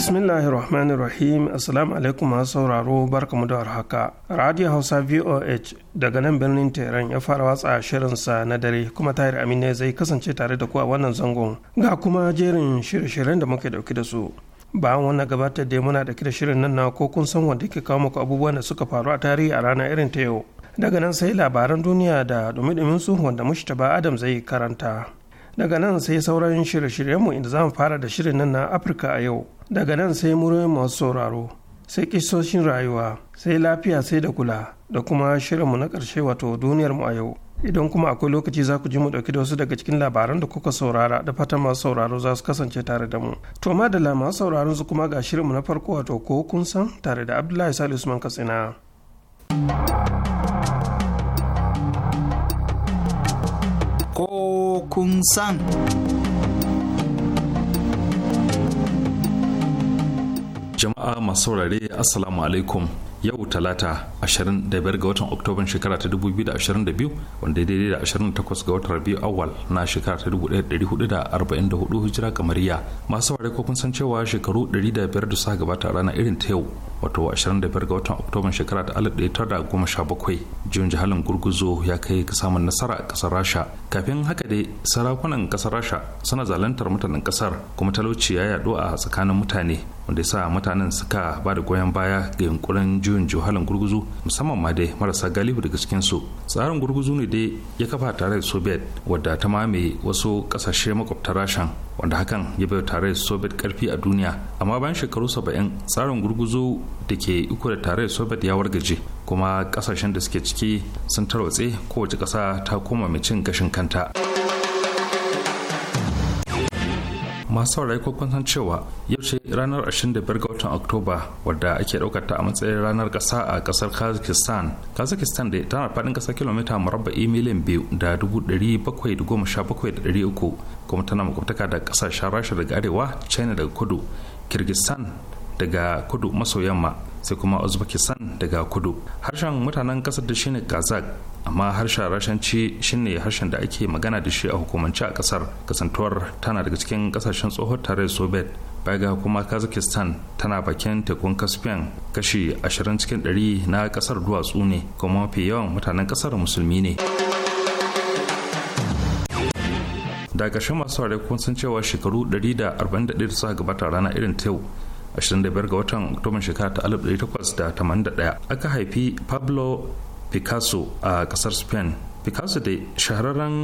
Bismillahirrahmanirrahim Assalamu alaikum masu sauraro mu da warhaka. Radio Hausa VOH daga nan birnin Tehran ya fara watsa shirinsa na dare kuma Tahir Amina zai kasance tare da ku a wannan zangon. Ga kuma jerin shirye-shiryen da muke dauki da su. Bayan wannan gabatar da muna da da shirin nan na ko kun san wanda ke kawo muku abubuwan da suka faru a tarihi a rana irin ta yau. Daga nan sai labaran duniya da dumi-dumin su wanda Mushtaba Adam zai karanta. daga nan sai sauran shirye-shiryenmu inda za mu fara da shirin nan na afirka a yau daga nan sai muryoyin masu sauraro sai kisoshin rayuwa sai lafiya sai da kula da kuma shirinmu na ƙarshe wato duniyar mu a yau idan kuma akwai lokaci za ku ji mu ɗauki da wasu daga cikin labaran da kuka saurara da fata masu sauraro za su kasance tare da mu to ma da masu sauraron su kuma ga shirinmu na farko wato ko kun san tare da abdullahi Salisu usman katsina ko kun san. Jama'a masu saurare Assalamu alaikum yau talata 25 ga watan oktoban shekara ta 2022 wanda daidai da 28 ga watan rabiu awal na shekara ta 1444 hijira kamariya masu saurare ko kun san cewa shekaru 105 da suka gabata rana irin ta yau wato 25 ga watan oktoban shekara ta bakwai jin jihalin gurguzo ya kai ga samun nasara a kasar rasha kafin haka dai sarakunan kasar rasha suna zalantar mutanen kasar kuma talauci ya yaɗu a tsakanin mutane wanda sa mutanen suka ba da goyon baya ga yunkurin juyin jihalin gurguzu musamman ma dai marasa galibu daga cikin su tsarin gurguzu ne dai ya kafa tare da soviet wadda ta mamaye wasu kasashe makwabta rashan wanda hakan ya bai da soviet karfi a duniya amma bayan shekaru saba'in tsarin gurguzo da ke iko da tarayyar soviet ya wargaje kuma kasashen da suke ciki sun tarwatse kowace ƙasa ta koma mai cin gashin kanta. masu saurari ko kun san cewa yau ce ranar 25 ga watan oktoba wadda ake daukar ta a matsayin ranar kasa a kasar kazakhstan kazakhstan da tana faɗin kasa kilomita murabba'i miliyan biyu da dubu dari bakwai da goma sha bakwai da dari uku kuma tana makwabtaka da sha rasha daga arewa china daga kudu kirgistan daga kudu maso yamma sai kuma uzbekistan daga kudu harshen mutanen kasar da shine kazak amma harshen rashanci shine harshen da ake magana da shi a hukumance a kasar kasantuwar tana daga cikin kasashen tsohon tare soviet baga kuma kazakistan tana bakin tekun caspian kashi ashirin cikin 100 na kasar duwatsu ne kuma mafi yawan mutanen kasar musulmi ne da ƙarshen masu kun san cewa shekaru 141 da suka gabata rana irin ta yau 25 ga watan oktoban shekara 1881 aka haifi pablo picasso a kasar spain picasso da shahararren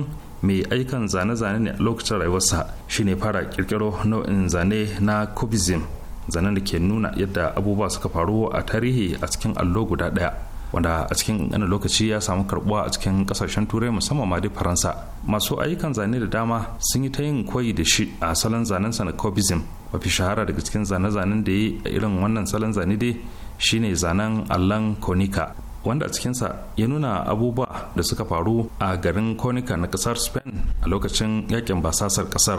mai aikan zane-zane ne a lokacin rayuwarsa shine fara kirkiro nau'in zane na cubism zanen da ke nuna yadda abubuwa suka faru a tarihi a cikin allo guda ɗaya wanda a cikin ƙanƙanin lokaci ya samu karbuwa a cikin kasashen turai musamman ma dai faransa masu ayyukan zane da dama sun yi ta yin koyi da shi a salon zanen sa na cubism mafi shahara daga cikin zane-zanen da ya yi a irin wannan salon zane dai shine zanen allan konika wanda a cikinsa ya nuna abubuwa da suka faru a garin konika na kasar spain a lokacin yakin basasar kasar.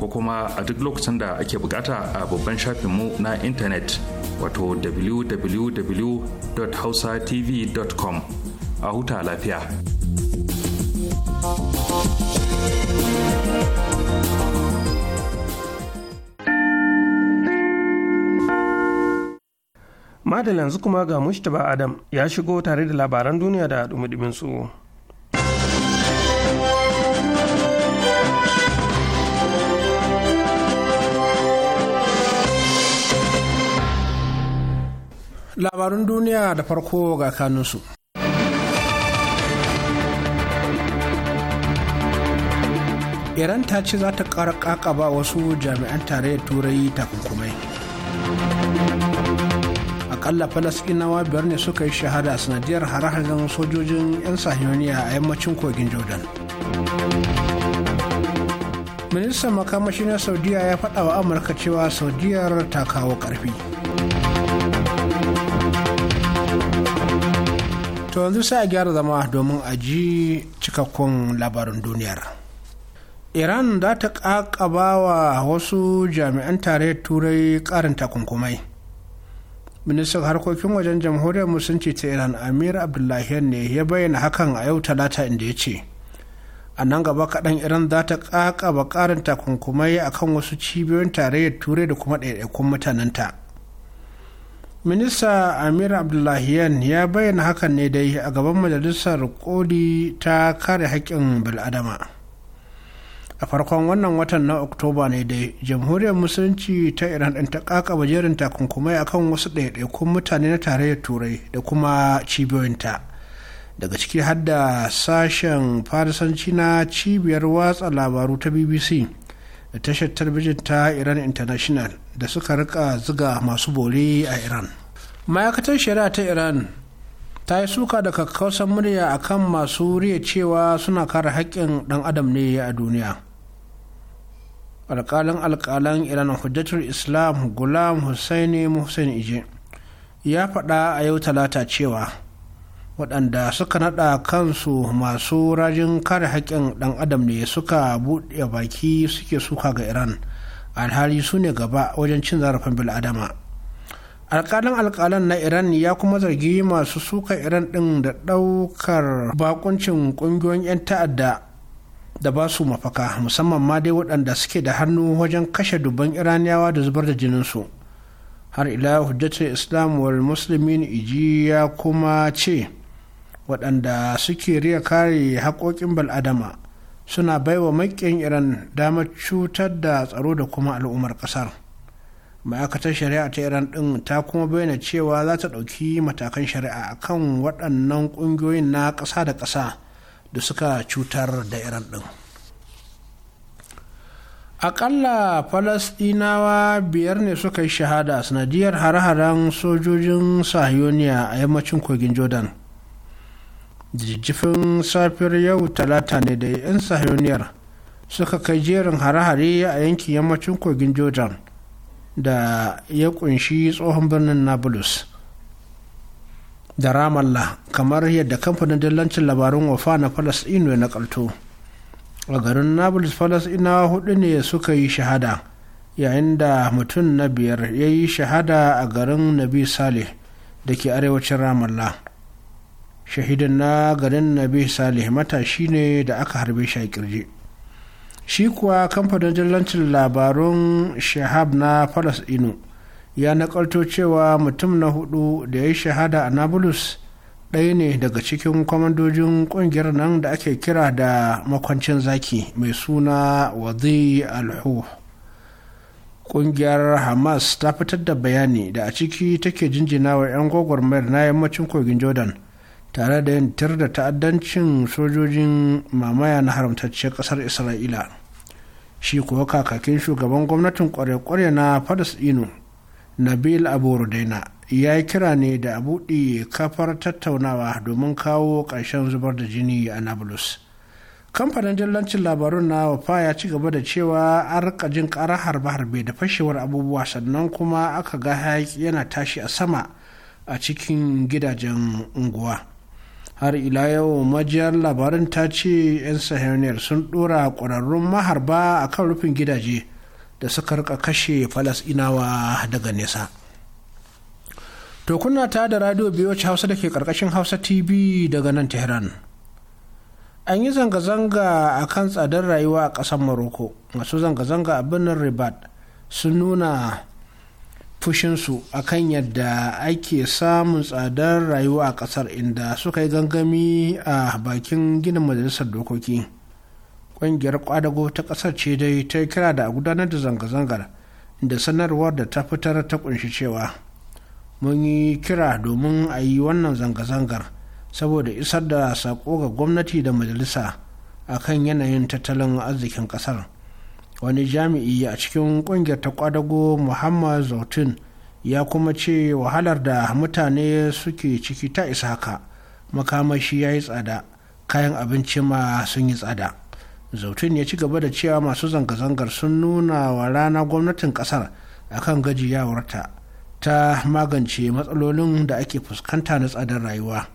ko kuma a duk lokacin da ake bukata a babban shafinmu na intanet wato www.hausatv.com a huta lafiya. Madalin yanzu kuma ga Mustapha Adam ya shigo tare da labaran duniya da dumi su. labarun duniya da farko ga kanunsu. iran ta ce za ta ƙara ƙaƙaba wasu jami'an tarayyar turai takunkumai akalla falasɗinawa biyar ne suka yi shahada sanadiyar hare sojojin 'yan sahiyoniya a yammacin kogin jordan ministan makamashi na saudiya ya faɗa wa amurka cewa saudiyar ta kawo ƙarfi to yanzu sai a gyara zama domin a ji cikakkun labarin duniyar iran za ta kakaba wa wasu jami'an tarayyar turai karin takunkumai ministan harkokin wajen jamhuriyar musulunci ta iran amir abdullahi ne ya bayyana hakan a yau talata inda ya ce a nan gaba kaɗan iran za ta kakaba karin takunkumai akan wasu cibiyoyin tarayyar turai da kuma ɗaiɗaikun mutanenta minista amir abdullahiyan ya bayyana hakan ne dai a gaban majalisar koli ta kare haƙƙin bil'adama a farkon wannan watan na oktoba ne dai jamhuriyar musulunci ta iran ɗin ta kakaba jerin takunkumai akan wasu ɗaiɗaikun mutane na tarayyar turai da kuma cibiyoyinta daga ciki hadda sashen farisanci na cibiyar watsa labaru ta bbc da tashar talabijin ta iran international da suka rika ziga masu bore a iran ma'aikatar shari'a ta iran ta yi suka da kakkausan murya akan masu riya cewa suna kare haƙƙin ɗan adam ne a duniya alƙalin alƙalan iran hujjatul islam gulam hussaini muhsin ije ya faɗa a yau talata cewa waɗanda suka naɗa kansu masu rajin kare haƙƙin ɗan adam ne suka buɗe baki suke suka ga iran alhali su ne gaba wajen cin zarafin bil'adama alƙalin alƙalan na iran ya kuma zargi masu suka iran ɗin da ɗaukar bakuncin ƙungiyoyin 'yan ta'adda da ba su mafaka musamman ma dai waɗanda suke da hannu wajen kashe dubban iraniyawa da zubar da jininsu har ila hujjatar islam wal iji ya kuma ce waɗanda suke riya kare haƙoƙin bal'adama suna baiwa maƙin iran damar cutar da tsaro da kuma al'ummar ƙasar ma'aikatar shari'a ta iran ɗin ta kuma bayyana cewa za ta ɗauki matakan shari'a akan waɗannan ƙungiyoyin na ƙasa da ƙasa da suka cutar da iran ɗin aƙalla falasɗinawa biyar ne suka yi shahada a sanadiyar hare-haren sojojin sahiyoniya a yammacin kogin jordan jijjifin safiyar yau talata ne da 'yan sahiyoniyar suka kai jerin hare-hare a yankin yammacin kogin jordan da ya kunshi tsohon birnin nablus da ramallah kamar yadda kamfanin dillancin labarun wafa na falasɗinu na kalto a garin nablus falasɗinawa hudu ne suka yi shahada yayin da mutum na biyar ya yi shahada a garin nabi saleh da ke arewacin ramallah shahidan na garin nabi salih matashi ne da aka harbe shi a kirji shi kuwa kamfanin jallancin labarun shahab na falas ino ya nakalto cewa mutum na hudu da ya yi shahada a nablus ɗaya ne daga cikin kwamandojin ƙungiyar nan da ake kira da makwancin zaki mai suna wadi alhu ƙungiyar hamas ta fitar da bayani da a ciki take jinjina wa 'yan gwagwarmayar na yammacin kogin jordan tare da yin tir da ta'addancin sojojin mamaya na haramtacciyar ƙasar isra'ila shi kuwa kakakin shugaban gwamnatin kware-kware na falasɗinu nabil abu rudaina ya yi kira ne da a buɗe kafar tattaunawa domin kawo ƙarshen zubar da jini a nablus kamfanin dillancin labarun na wafa ya ci gaba da cewa an rika jin ƙara harbe-harbe da fashewar abubuwa sannan kuma aka ga hayaki yana tashi a sama a cikin gidajen unguwa har ila yau majiyar labarin ta ce 'yan sahaniyar sun dora ƙwararrun maharba a kan rufin gidaje da suka rika kashe falasinawa daga nesa to kuna ta da radio biyoci hausa da ke karkashin hausa tv daga nan tehran an yi zanga-zanga a kan tsadar rayuwa a ƙasar maroko masu zanga-zanga a birnin ribat sun nuna fushinsu a kan yadda ake samun tsadar rayuwa a ƙasar inda suka yi gangami a bakin ginin majalisar dokoki ƙungiyar kwadago ta ƙasar ce dai ta kira da a gudanar da zanga-zangar da sanarwar da ta fitar ta kunshi cewa mun yi kira domin a yi wannan zanga-zangar saboda isar da saƙo ga gwamnati da majalisa a kan yanayin tattalin arzikin ƙasar. wani jami'i a cikin kungiyar ta kwadago muhammad zautin ya kuma ce wahalar da mutane suke ciki ta isa haka makamashi ya yi tsada kayan abinci ma sun yi tsada zautun ya ci gaba da cewa masu zanga-zangar sun nuna wa rana gwamnatin kasar akan gajiyawarta ta magance matsalolin da ake fuskanta na tsadar rayuwa.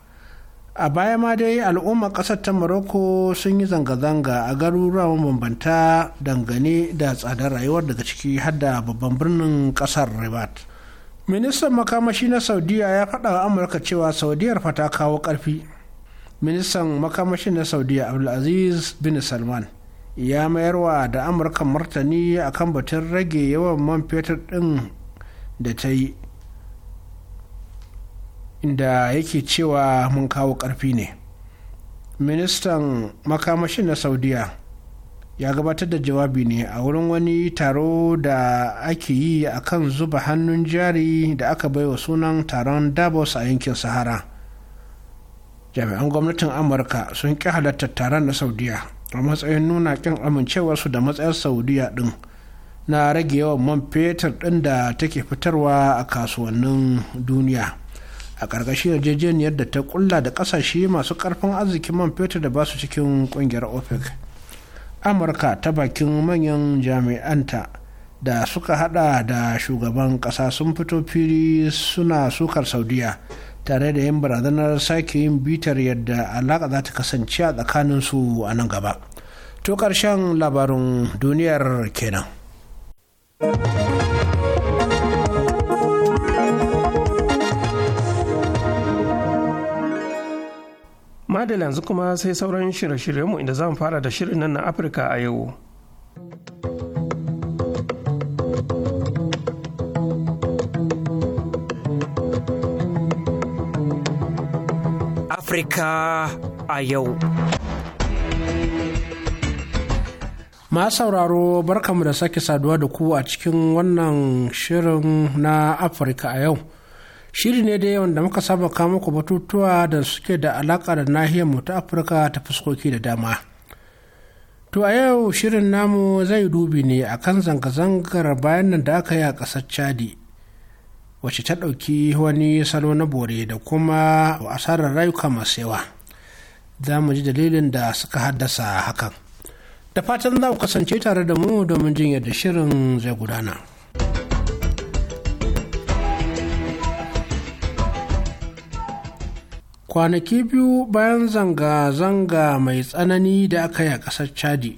a baya ma dai al'ummar ƙasar ta morocco sun yi zanga-zanga a garuruwa bambanta dangane da tsadar rayuwar daga ciki har da babban birnin ƙasar rabat ministan makamashi na saudiya ya faɗa wa amurka cewa saudiyar fata kawo karfi ministan makamashi na saudiya abdulaziz bin salman ya mayar wa da amurka martani akan batun rage yawan man fetur ɗin da ta yi da yake cewa mun kawo ƙarfi ne ministan makamashin na saudiya ya gabatar da jawabi ne a wurin wani taro da ake yi a kan zuba hannun jari da aka baiwa sunan taron davos a yankin sahara jami'an gwamnatin amurka sun ƙi halatta taron na saudiya a matsayin nuna ƙin amincewarsu da matsayar saudiya ɗin na rage yawan man fetur ɗin da take fitarwa a kasuwannin duniya. a ƙarƙashin yarjejeniyar da ta kulla da ƙasashe masu ƙarfin arzikin man fetur da ba su cikin ƙungiyar opec amurka ta bakin manyan jami'anta da suka hada da shugaban ƙasa sun fito fili suna sukar saudiya tare da yin barazanar sake yin bitar yadda alaƙa za ta kasance a tsakanin su a nan gaba to ƙarshen labarin duniyar kenan. madal yanzu kuma sai sauran shirye-shiryenmu inda zamu fara da shirin nan na afirka a yau afirka a yau Ma sauraro barkamu da sake saduwa da ku a cikin wannan shirin na afirka a yau shiri ne da yawan da muka saba kama ku batutuwa da suke da alaƙa da nahiyar mu ta afirka ta fuskoki da dama to a yau shirin namu zai dubi ne akan zanga-zangar bayan nan da aka yi a ƙasar chadi wacce ta ɗauki wani salo na bore da kuma asarar rayuka masu yawa za mu ji dalilin da suka haddasa hakan da fatan za ku kasance tare da mu domin jin yadda shirin zai gudana. kwanaki biyu bayan zanga-zanga mai tsanani da aka yi a ƙasar chadi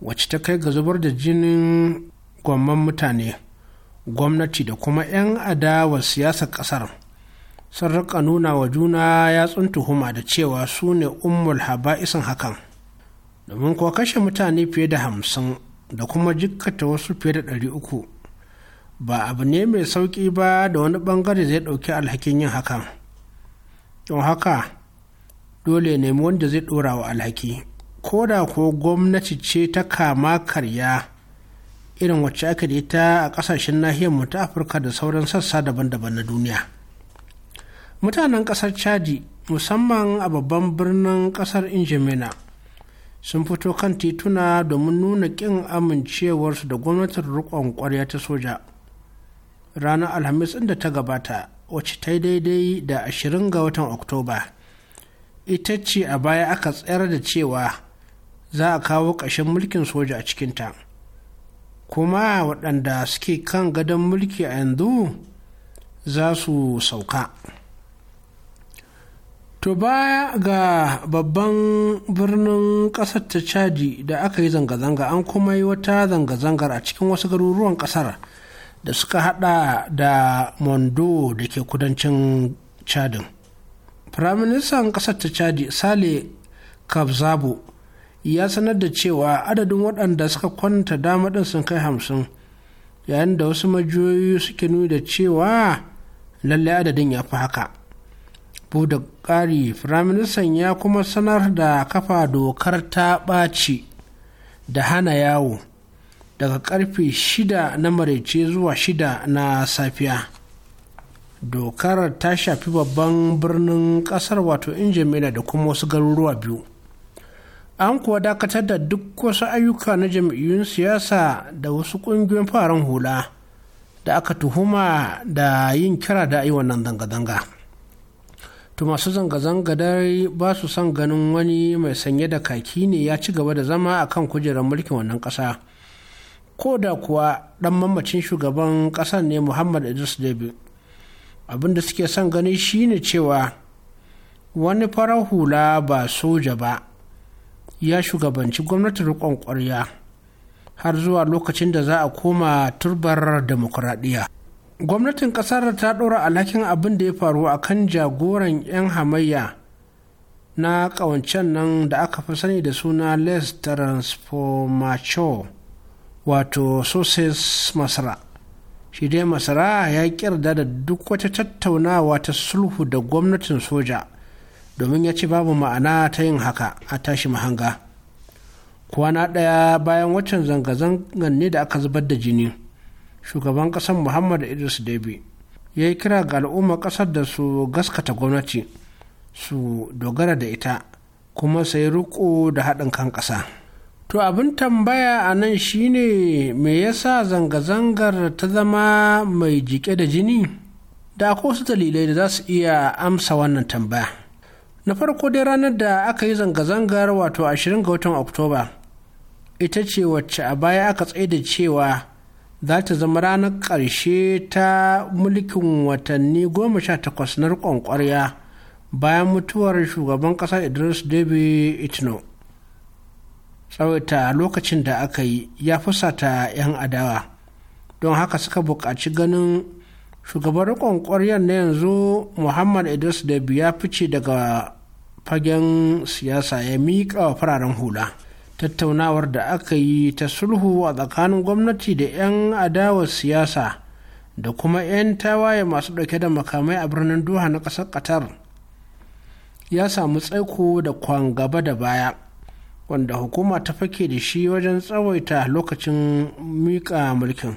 wacce ta kai ga zubar da jinin gwamman mutane gwamnati da kuma 'yan adawar siyasar ƙasar sun rika nuna wa juna yatsun tuhuma da cewa su ne ummul haba'isin hakan domin kuwa kashe mutane fiye da hamsin da kuma jikkata wasu fiye da ɗari uku ba abu ne mai sauƙi ba da wani ɓangare zai ɗauki alhakin yin hakan don haka dole ne wanda zai ɗora wa alhaki ko da ko gwamnati ce ta kama karya irin wacce aka da ita a ƙasashen nahiyarmu ta afirka da sauran sassa daban-daban na duniya mutanen ƙasar chadi musamman a babban birnin ƙasar injimina sun fito kan tituna domin nuna ƙin amincewarsu da gwamnatin riƙon ƙwarya ta soja ranar alhamis inda ta gabata wacce ta daidai da 20 ga watan oktoba ita ce a baya aka tsayar da cewa za a kawo ƙashin mulkin soja a cikinta kuma waɗanda suke kan gadon mulki a yanzu za su sauka to baya ga babban birnin ƙasar ta chadi da aka yi zanga-zanga an kuma yi wata zanga-zangar a cikin wasu garuruwan ƙasar da suka hada da mondo da ke kudancin chadin firaministan ƙasar ta chadi sale kabzabu ya sanar da cewa adadin waɗanda suka kwanta ɗin sun kai hamsin yayin da wasu majiyoyi suke nuni da cewa lallai adadin ya fi haka da ƙari firaministan ya kuma sanar da kafa dokar ta ɓaci da hana yawo daga karfe shida na maraice zuwa shida na safiya dokar ta shafi babban birnin kasar wato injimila da kuma wasu garuruwa biyu an kuwa dakatar da duk wasu ayyuka na jam'iyyun siyasa da wasu ƙungiyoyin faran hula da aka tuhuma da yin kira da yi wannan zanga-zanga to masu zanga-zanga dai ba su son ganin wani mai sanye da kaki ne ya ci gaba da zama akan kujerar mulkin wannan ƙasa ko da kuwa ɗan mamacin shugaban ƙasar ne muhammad idris debi abin da suke son gani shine cewa wani farar hula ba soja ba ya shugabanci gwamnatin riƙon ƙwarya har zuwa lokacin da za a koma turbar demokuraɗiyya gwamnatin ƙasar ta ɗora alhakin abin da ya faru a kan jagoran 'yan hamayya na ƙawancen nan da aka fi sani da suna les transformateur wato sources masara shi dai masara ya kirda da duk wata tattaunawa ta sulhu da gwamnatin soja domin ya ci babu ma'ana ta yin haka a tashi mahanga kwana ɗaya bayan waccan zanga-zangan ne da aka zubar da jini shugaban ƙasar muhammad idris debi ya yi kira ga al'umma ƙasar da su gaskata gwamnati su dogara da ita kuma sai riko da haɗin kan ƙasa. To abin tambaya a nan shi ne me yasa zanga-zangar ta zama mai jike da jini? Da akwai wasu dalilai da za su iya amsa wannan tambaya. Na farko dai ranar da aka yi zanga-zangar wato 20 ga watan Oktoba, ita ce wacce a baya aka tsaida cewa za ta zama ranar ƙarshe ta mulkin watanni goma sha takwas na riƙon bayan mutuwar shugaban ƙasa Idris Deby Itno. tsawaita lokacin da aka yi ya fusata 'yan adawa don haka suka buƙaci ganin shugaban riƙon ƙwaryar na yanzu muhammad idris da ya fice daga fagen siyasa ya miƙa wa fararen hula tattaunawar da aka yi ta sulhu a tsakanin gwamnati da 'yan adawar siyasa da kuma 'yan tawaye masu ɗauke da makamai a birnin doha na ƙasar qatar ya samu tsaiko da kwan gaba da baya wanda hukuma ta fake da shi wajen tsawaita lokacin miƙa mulkin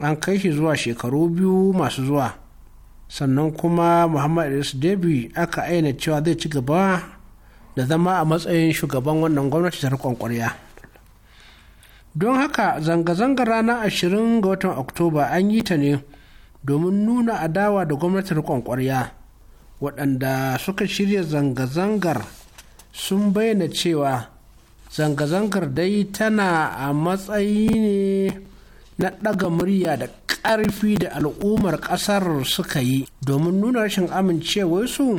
an kai shi zuwa shekaru biyu masu zuwa sannan kuma muhammad idris debi aka aina cewa zai ci gaba da zama a matsayin shugaban wannan gwamnati ta rikon kwarya don haka zanga-zangar ranar ashirin ga watan oktoba an yi ta ne domin nuna adawa da gwamnatin rikon kwarya waɗanda suka shirya zanga-zangar sun bayyana cewa zanga-zangar dai tana a matsayi ne na ɗaga murya da ƙarfi da al'ummar ƙasar suka yi domin nuna rashin amincewarsu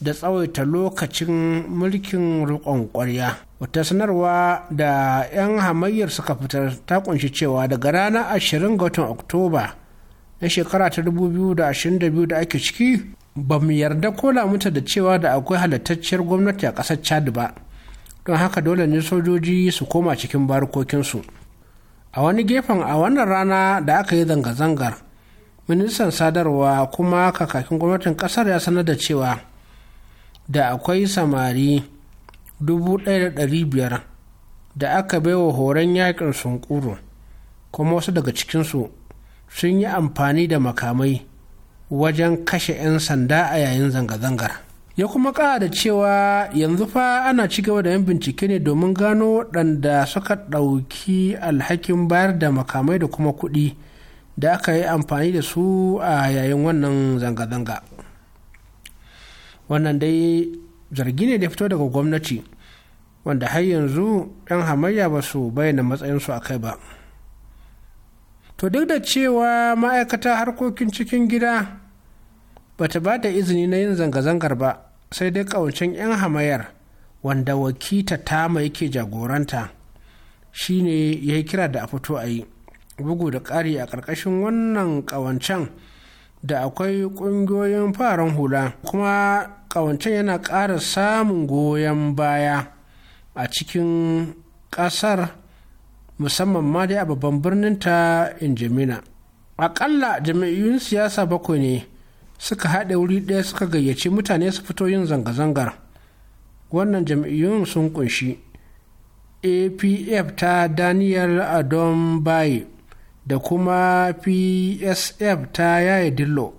da tsawaita lokacin mulkin riƙon ƙwarya. Wata sanarwa da 'yan hamayyar suka fitar ta kunshi cewa daga ranar 20 ga watan Oktoba na shekara ta 2022 da ake ciki ba mu yarda ko lamuta da cewa da akwai halittacciyar gwamnati a ƙasar chad ba don haka dole ne sojoji su koma cikin barkokinsu a wani gefen a wannan rana da aka yi zanga-zangar ministan sadarwa kuma kakakin gwamnatin ƙasar ya sanar da cewa da akwai samari 1,500 da aka bai wa horon yakin sunkuru kuma wasu daga cikinsu sun yi amfani da makamai wajen kashe 'yan sanda a yayin zanga-zangar ya kuma ƙara da cewa yanzu fa ana cigaba da yan bincike ne domin gano waɗanda suka ɗauki alhakin bayar da makamai da kuma kuɗi da aka yi amfani da su a yayin wannan zanga-zanga wannan dai zargi ne da fito daga gwamnati wanda har yanzu 'yan hamayya ba su bayyana matsayinsu a kai ba. to duk da cewa ma'aikata harkokin cikin gida ba ta ba da izini na yin zanga-zangar ba sai dai ƙawancen 'yan hamayar wanda wakita tama yake jagoranta shine ya yi kira da a fito a yi bugu da ƙari a ƙarƙashin wannan ƙawancen da akwai ƙungiyoyin faran hula kuma ƙawancen yana ƙara samun goyon baya a cikin ƙasar musamman ma dai a babban birnin ta injimina akalla jami'in siyasa bakwai ne suka haɗe wuri ɗaya suka gayyaci mutane su fito yin zanga-zangar wannan jam'iyyun sun kunshi apf ta daniel adon baye da kuma psf ta yaya dillo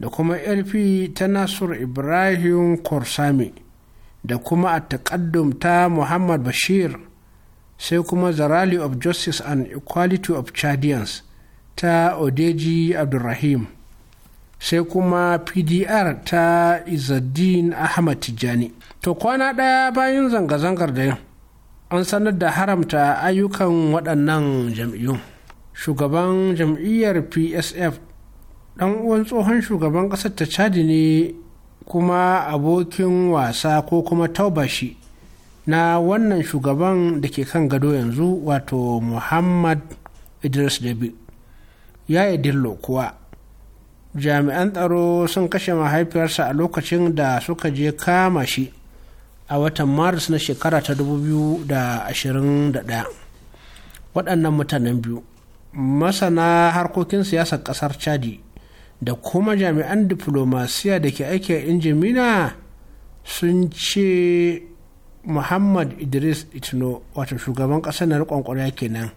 da kuma lp ta nasur ibrahim korsami da kuma a ta muhammad bashir sai kuma the rally of justice and equality of chadians ta odeji abdulrahim sai kuma pdr ta izaddin ahmad tijjani to kwana ɗaya bayan zanga-zangar da yau an sanar da haramta ayyukan waɗannan jam'iyyu shugaban jam'iyyar psf ɗan uwan tsohon shugaban ƙasar ta chadi ne kuma abokin wasa ko kuma taubashi na wannan shugaban da ke kan gado yanzu wato muhammad idris dabi ya yi dillo kuwa jami'an tsaro sun kashe mahaifiyarsa a lokacin da suka je kama shi a watan maris na shekara ta 2021 waɗannan mutanen biyu masana harkokin siyasar ƙasar chadi da kuma jami'an diflomasiya da ke aiki a injimina sun ce muhammad idris itno wato shugaban ƙasar na riƙon ƙwarya kenan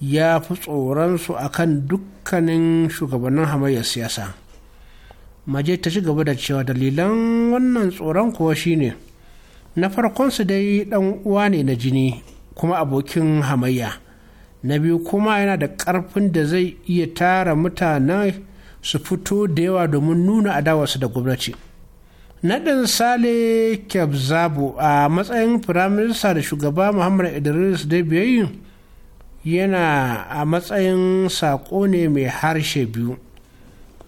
ya fi tsoronsu a kan dukkanin shugabannin hamayyar siyasa maje ta ci gaba da cewa dalilan wannan tsoron kuwa shine na farkonsu dai ɗan uwa ne na jini kuma abokin hamayya na biyu kuma yana da ƙarfin da zai iya tara mutane su fito da yawa domin nuna adawarsu da gwamnati naɗin sale kyabzabo a matsayin firaminista da shugaba muhammad idris da yana a matsayin saƙo ne mai harshe biyu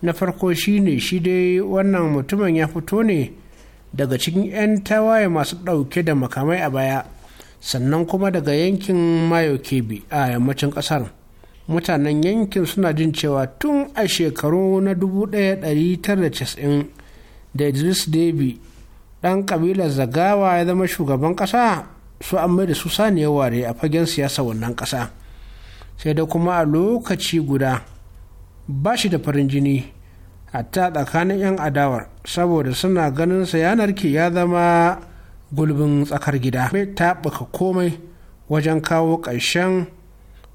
na farko shi ne, shi dai wannan mutumin ya fito ne daga cikin 'yan tawaye masu ɗauke da makamai a baya sannan kuma daga yankin mayo kebe a yammacin ƙasar mutanen yankin suna jin cewa tun a shekaru na 1990 da idris debi ɗan ƙabilar zagawa ya zama shugaban ƙasa su an mai da su saniya ware a fagen siyasa wannan ƙasa sai da kuma a lokaci guda ba shi da farin jini hatta tsakanin 'yan adawar saboda suna ganin sa yanar ki ya zama gulbin tsakar gida mai taɓuka komai wajen kawo ƙarshen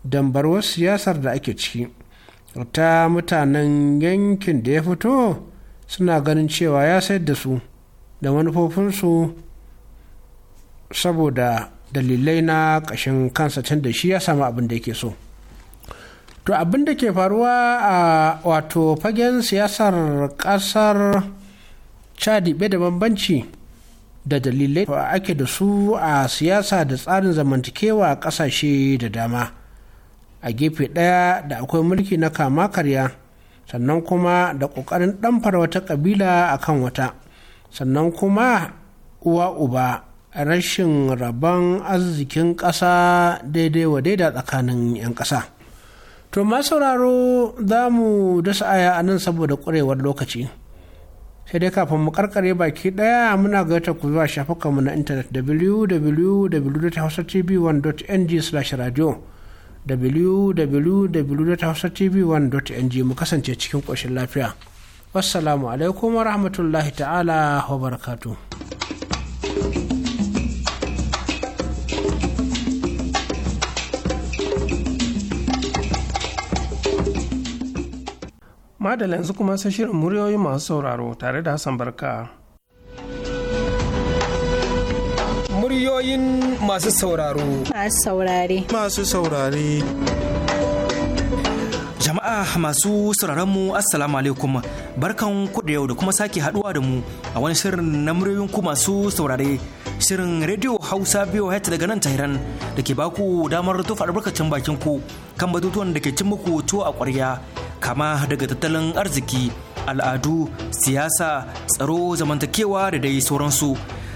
dambarwar siyasar da ake ciki ta mutanen yankin da ya fito suna ganin cewa ya sayar da su da manufofinsu saboda dalilai na ƙashin kansa can da shi ya samu abin da yake so to abin da ke faruwa a wato fagen siyasar ƙasar chadi bai da bambanci da dalilai a ake da su a siyasa da tsarin zamantakewa a ƙasashe da dama a gefe ɗaya da akwai mulki na kama karya sannan kuma da ƙoƙarin ɗamfar wata ƙabila a kan wata sannan kuma uwa uba rashin rabon arzikin ƙasa daidai wa daida tsakanin 'yan ƙasa to ma sauraro za mu dasa aya a nan saboda ƙurewar lokaci sai dai kafin mu karkare baki ɗaya muna gaita ku zuwa shafukanmu na intanet www.hausatv1.ng/radio www.hausatv1.ng mu kasance cikin ƙoshin lafiya. Wassalamu alaikum wa rahmatullahi ta'ala wa barakatu. Madalla yanzu kuma sai shirin muryoyi masu sauraro tare da Hassan Barka. Muryoyin masu sauraro. Masu saurare. Masu saurare. Jama'a masu sauraron mu Assalamu alaikum barkan ku da yau da kuma sake haduwa da mu a wani shirin na muryoyin ku masu saurare shirin Radio Hausa biyo hata daga nan Tahiran da ke baku damar tufa albarkacin bakin ku kan batutuwan da ke cin muku tuwo a ƙwarya kama daga tattalin arziki al'adu siyasa tsaro zamantakewa da dai sauransu.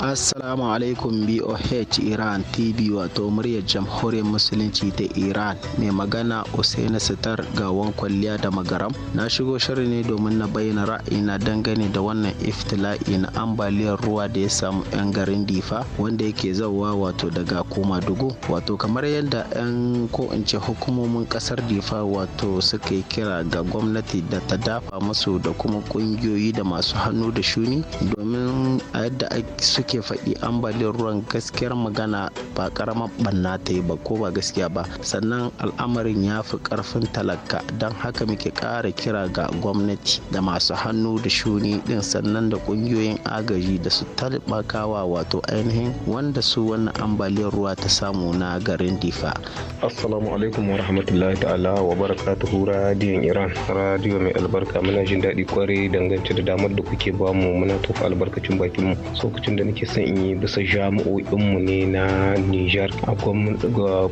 Assalamu alaikum BOH Iran TV wato muryar jamhuriyar musulunci ta Iran mai magana Usaini Sitar gawon kwalliya da magaram. Na shigo shirin ne domin na bayyana ra'ayina dangane da wannan iftila'i na ambaliyar ruwa da ya samu 'yan garin Difa wanda yake zauwa wato daga koma dugu. Wato kamar yadda 'yan ko in ce hukumomin kasar Difa wato suka yi kira ga gwamnati da ta dafa musu da kuma kungiyoyi da masu hannu da shuni domin a yadda suke ake faɗi ambaliyar ruwan gaskiyar magana ba karamar banna ta yi ba ko ba gaskiya ba sannan al'amarin ya fi karfin talaka don haka muke ƙara kira ga gwamnati da masu hannu da shuni din sannan da ƙungiyoyin agaji da su talibakawa wato ainihin wanda su wannan ambaliyar ruwa ta samu na garin difa assalamu alaikum wa rahmatullahi ta'ala wa barakatuhu radiyon iran radiyo mai albarka muna jin daɗi kwarai dangance da damar da kuke bamu muna tofa albarkacin bakin mu lokacin da nake kisan son yi bisa jami'o'inmu ne na Nijar akwai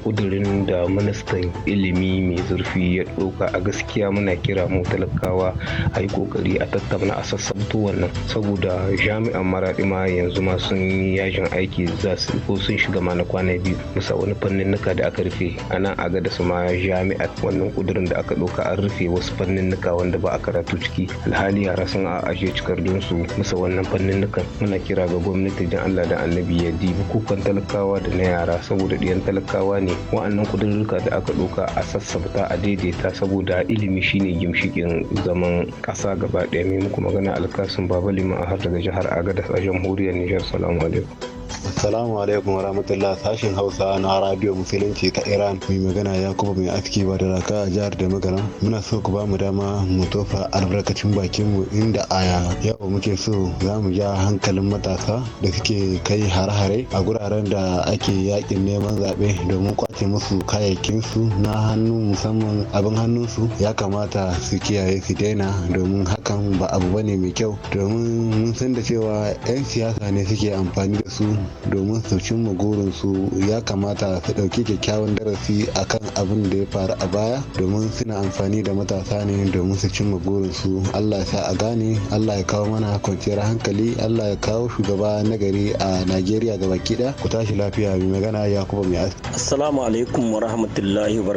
kudurin da ministan ilimi mai zurfi ya ɗauka a gaskiya muna kira mu talakawa a yi kokari a tattauna a sassabto wannan saboda jami'an maraɗi ma yanzu ma sun yajin aiki za su ko sun shiga mana kwana biyu bisa wani fannin nuka da aka rufe a nan a ga da su ma jami'ar wannan kudurin da aka ɗauka an rufe wasu fannin nuka wanda ba a karatu ciki alhali yara sun a ajiye cikardunsu bisa wannan fannin muna kira ga gwamnati gwamnati Allah da annabi ya ji bukukan talakawa da na yara saboda ɗiyan talakawa ne wa'annan kudurruka da aka ɗauka a sassabta a daidaita saboda ilimi shine gimshikin zaman ƙasa gaba ɗaya mai muku magana alkasun baba liman a har daga jihar agadas a jamhuriyar nijar salamu alaikum Assalamu alaikum wa rahmatullah sashen Hausa na Radio Musulunci ta Iran. Mai magana ya kuma mai aski ba da raka a jihar da magana. Muna so ku ba mu dama mu tofa albarkacin bakin mu inda aya yau muke so za mu ja hankalin matasa da suke kai hare-hare a guraren da ake yakin neman zaɓe domin kwace musu kayayyakin su na hannu musamman abin hannun su, ya kamata su kiyaye su daina domin hakan ba abu bane mai kyau domin mun san da cewa 'yan siyasa ne suke amfani da su domin su cimma su ya kamata su ɗauki kyakkyawan darasi akan abin da ya faru a baya domin suna amfani da matasa ne domin su cimma su allah ya sa a gane allah ya kawo mana kwanciyar hankali allah ya kawo shugaba na gari a najeriya gaba baki ku tashi lafiya mai magana ya kuma mai assalamu alaikum wa rahmatullahi wa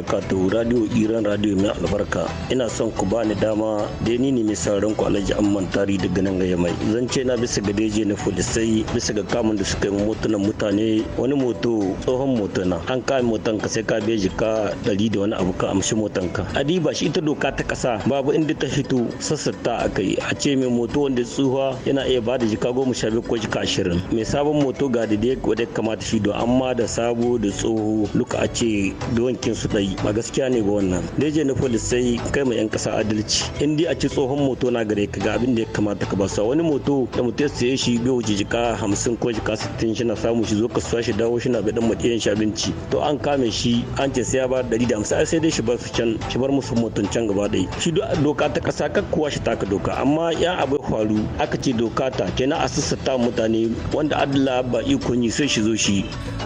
radio iran radio mai albarka ina son ku bani dama dai ni ne mai sauraron ku alhaji amman tari daga nan ga yamai zan ce na bisa ga deje na folisai bisa ga kamun da suka yi motunan mutane wani moto tsohon moto na an kai motan ka sai ka biya jika ɗari da wani abu ka amshi motan ka adiba shi ita doka ta kasa babu inda ta fito sassata a kai a ce mai moto wanda tsuha yana iya bada jika goma sha biyu ko jika ashirin mai sabon moto ga da dai wadda kamata shi don amma da sabo da tsoho duka a ce wankin su ɗai ba gaskiya ne ba wannan daije na polis sai kai ma 'yan kasa adalci in dai a ci tsohon moto na gare ka ga abin da ya kamata ka ba sa. wani moto da mutum ya saye shi bai wuce jika hamsin ko jika sittin shi yana samu shi zo kasuwa shi dawo shi na bai dan makiyan shi abinci to an kame shi an ce sai ya ba 150 ai sai dai shi bar su can shi bar musu mutum can gaba ɗaya shi doka ta kasa kakkuwa shi taka doka amma yan abu faru aka ce doka ta kenan a sassata mutane wanda Allah ba iko ni sai shi zo shi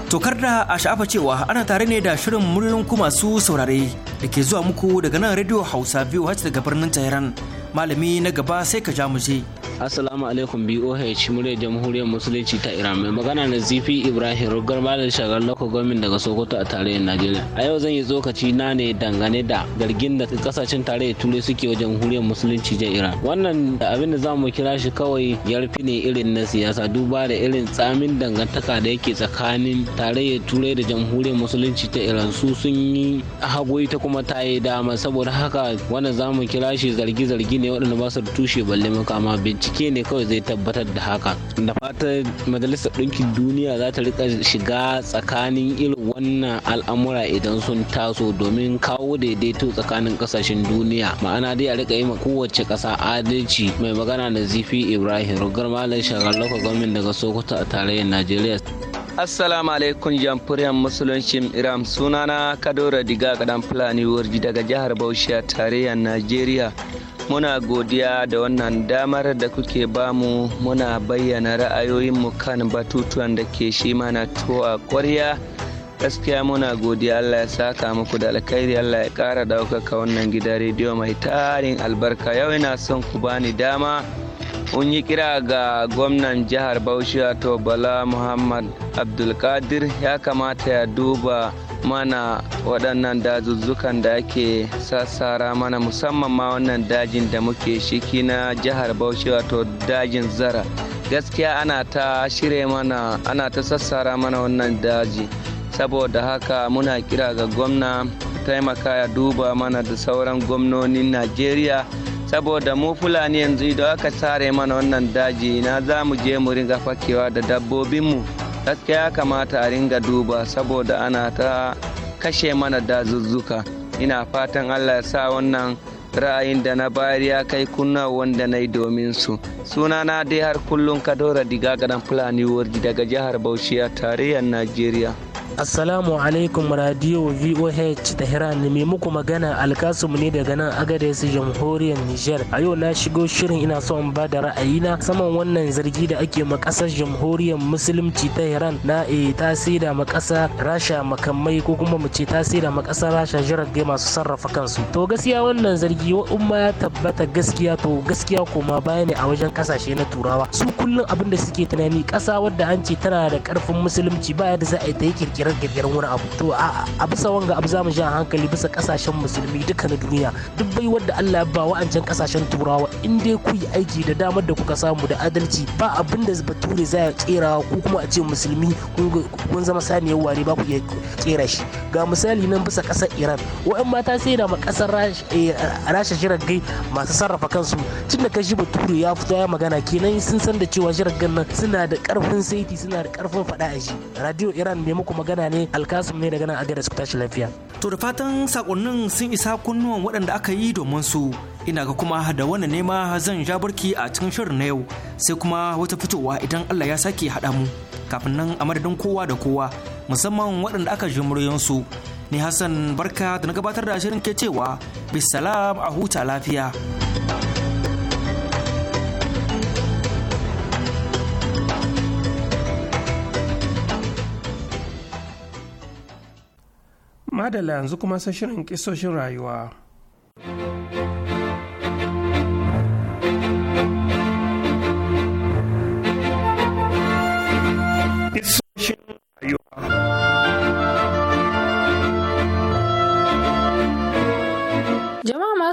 tokar da a sha'afa cewa ana tare ne da shirin murnin kuma masu saurare da ke zuwa muku daga nan radio hausa biyu har daga birnin tehran malami na gaba sai ka ja mu je. Assalamu alaikum BOH muryar jamhuriyar musulunci ta Iran mai magana na Zifi Ibrahim Rugar Malam Shagar lokacin Gomin daga Sokoto a tarayyar Najeriya. A yau zan yi tsokaci na ne dangane da gargin da kasashen tarayyar Turai suke wa jamhuriyar musulunci ta Iran. Wannan abin da zamu kira shi kawai yarfi ne irin na siyasa duba da irin tsamin dangantaka da yake tsakanin tarayyar Turai da jamhuriyar musulunci ta Iran su sun yi hagoyi ta kuma ta yi dama saboda haka wannan zamu kira shi zargi-zargi ne ne waɗanda ba su da tushe balle makama bincike ne kawai zai tabbatar da haka da fata majalisar ɗinkin duniya za ta rika shiga tsakanin irin wannan al'amura idan sun taso domin kawo daidaito tsakanin ƙasashen duniya ma'ana dai a rika yi ma kowace ƙasa adalci mai magana da zifi ibrahim rugar malam lokacin gwamnan daga sokoto a tarayyar najeriya Assalamu alaikum jamhuriyar musuluncin Iram sunana Kadora Diga Kadan Fulani Warji daga jihar Bauchi a tarayyar Najeriya. muna godiya da wannan damar da kuke bamu muna bayyana ra'ayoyinmu kan batutuwan da ke shi mana a kwarya gaskiya muna godiya Allah ya saka muku da alkhairi Allah ya kara daukaka wannan gida rediyo mai tarin albarka yau ina son ku bani dama Mun yi kira ga gwamnan jihar Bauchi to Bala Muhammad Abdulkadir ya kamata ya duba mana waɗannan dazuzzukan da ake sassara mana musamman ma wannan dajin da muke shiki na jihar Bauchi wato dajin Zara. Gaskiya ana ta shirye mana ana ta sassara mana wannan daji. Saboda haka muna kira ga gwamna taimaka ya duba mana da sauran gwamnonin Najeriya. saboda mu fulani yanzu idan aka sare mana wannan daji na za mu je mu ringa fakewa da dabbobinmu gaskiya ya kamata a ringa duba saboda ana ta kashe mana dazuzzuka ina fatan allah ya sa wannan ra'ayin da na bayar ya kai kunna wanda na yi domin su suna na dai har kullum kadora diga gadan fulani daga jihar bauchi a tarayyar najeriya Assalamu alaikum radio VOH tahiran mai muku magana alkasum ne daga nan Agadez jamhuriyar Nijar. A yau na shigo shirin ina so in bada ra'ayina saman wannan zargi da ake ma kasar jamhuriyar musulunci ta Hiran na e eh, tasida ma kasa Rasha makamai ko kuma mu ce tasira ma Rasha jirage masu sarrafa kansu. To gaskiya wannan zargi umma ya tabbata gaskiya to gaskiya koma baya ne a wajen kasashe na Turawa. Su kullum abin da suke tunani kasa wadda an ce tana da karfin musulunci baya da za a yi ta yi kire wani abu to a a bisa wanga abu za mu hankali bisa kasashen musulmi duka na duniya duk bai wadda Allah ya ba wa'ancan kasashen turawa in dai ku yi aiki da damar da kuka samu da adalci ba abin da bature za ya kera ko kuma a ce musulmi kun zama saniyar ware ba ku iya kera shi ga misali nan bisa kasar Iran wa'an mata sai da ma kasar eh, rasha shiragai masu sarrafa kansu tun da kashi bature ya fito ya magana kenan sun san da cewa shiragan nan suna da karfin saiti suna da karfin faɗa a shi radio Iran ne muku magana ne alkasum ne daga nan da suka tashi lafiya to da fatan sakonnin sun isa kunnuwan waɗanda aka yi domin su ina ga kuma da wannan nema zan ja barki a cikin shirin na yau sai kuma wata fitowa idan Allah ya sake haɗa mu kafin nan a madadin kowa da kowa musamman waɗanda aka ji muryansu ni Hassan barka da na gabatar da shirin ke cewa bisalam a huta lafiya. madala yanzu kuma sashirin kisoshin rayuwa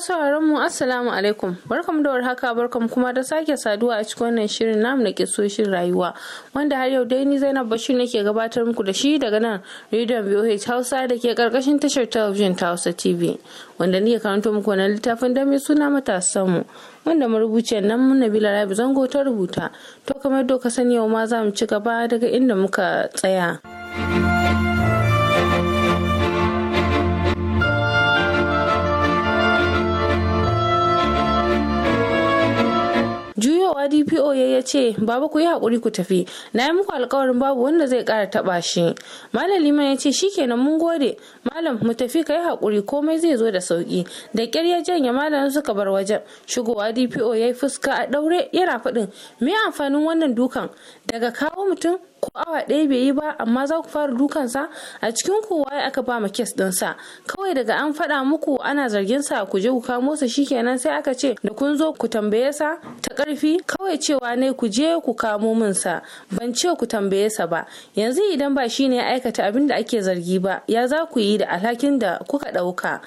sauraron mu assalamu alaikum barkam da warhaka barkam kuma da sake saduwa a cikin wannan shirin namu na ke so shirin rayuwa wanda har yau dai ni Zainab Bashir nake gabatar muku da shi daga nan Radio VOH Hausa da ke karkashin tashar talabijin ta Hausa TV wanda ni nake karanto muku wannan littafin da mai suna matasan mu wanda marubuciyar nan Nabila Rabi Zango ta rubuta to kamar doka sani yau ma za mu ci gaba daga inda muka tsaya. Fitowa DPO ya ya ce, "Baba ku yi haƙuri ku tafi, na yi muku alkawarin babu wanda zai ƙara taɓa shi." Malam Liman ya ce, shi "Shikenan mun gode, malam mu tafi ka yi haƙuri komai zai zo da sauƙi." Da ƙyar ya janye malam suka bar wajen. Shigowa DPO ya yi fuska a ɗaure yana faɗin, "Me amfanin wannan dukan? Daga kawo mutum ko awa ɗaya bai yi ba amma za ku fara dukansa a cikin ku waye aka ba ma kes sa kawai daga an faɗa muku ana zargin sa ku je ku kamo sa shikenan sai aka ce da kun zo ku tambaye sa ta ƙarfi kawai cewa ne ku je ku kamo min sa ban ce ku tambaye sa ba yanzu idan ba shine ya aikata abin da ake zargi ba ya za ku yi da alhakin da kuka ɗauka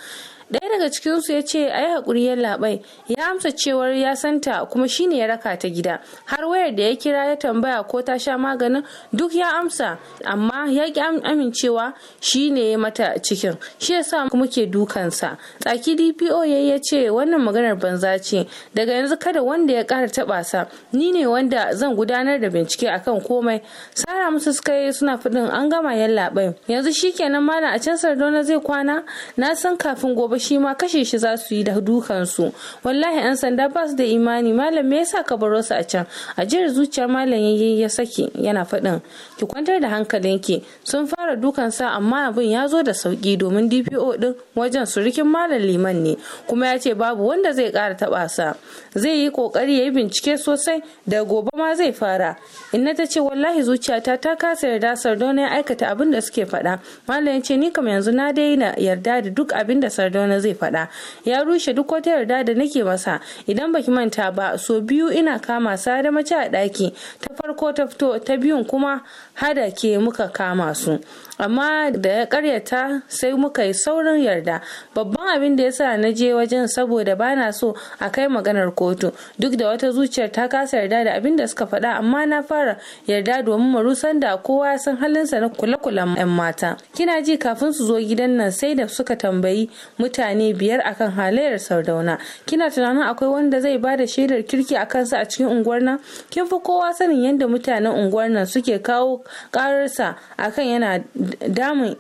daya daga cikinsu ya ce a yi haƙuri ya laɓai ya amsa cewar ya santa kuma shine ya raka ta gida har wayar da ya kira ya tambaya ko ta sha maganin duk ya amsa amma ya ki amincewa shine ya mata cikin shi ya sa kuma ke dukansa tsaki dpo ya ya ce wannan maganar banza ce daga yanzu kada wanda ya ƙara taɓa sa ni ne wanda zan gudanar da bincike akan komai sara musu suka yi suna faɗin an gama yallaɓai yanzu shikenan malam a can sardona zai kwana na san kafin gobe shi ma kashe shi za su yi da dukansu wallahi an sanda ba su da imani malam me yasa ka baro su a can a jiyar zuciya malam ya saki yana faɗin ki kwantar da hankalinki sun fara dukan sa amma abin ya zo da sauki domin dpo din wajen surikin malam liman ne kuma ya ce babu wanda zai kara taba sa zai yi kokari ya yi bincike sosai da gobe ma zai fara inna ta ce wallahi zuciyata ta kasa yarda sardauna ya aikata abin da suke faɗa malam ya ce ni kam yanzu na daina yarda da duk abin da sardauna zai faɗa ya rushe duk wata yarda da nake masa idan baki manta ba so biyu ina kama sa da mace a ɗaki ta farko ta fito ta biyun kuma hada ke muka kama su amma da ya karyata sai muka yi saurin yarda babban abin da ya sa na je wajen saboda bana so a kai maganar kotu duk da wata zuciyar ta kasa yarda da abin da suka faɗa amma na fara yarda domin marusan da kowa san halinsa na kula-kulan 'yan mata kina ji kafin su zo gidan nan sai da suka tambayi mutane biyar akan halayyar sardauna kina tunanin akwai wanda zai ba da shaidar kirki a kansa a cikin unguwar nan kin fi kowa sanin yadda mutanen unguwar nan suke kawo kararsa akan yana damun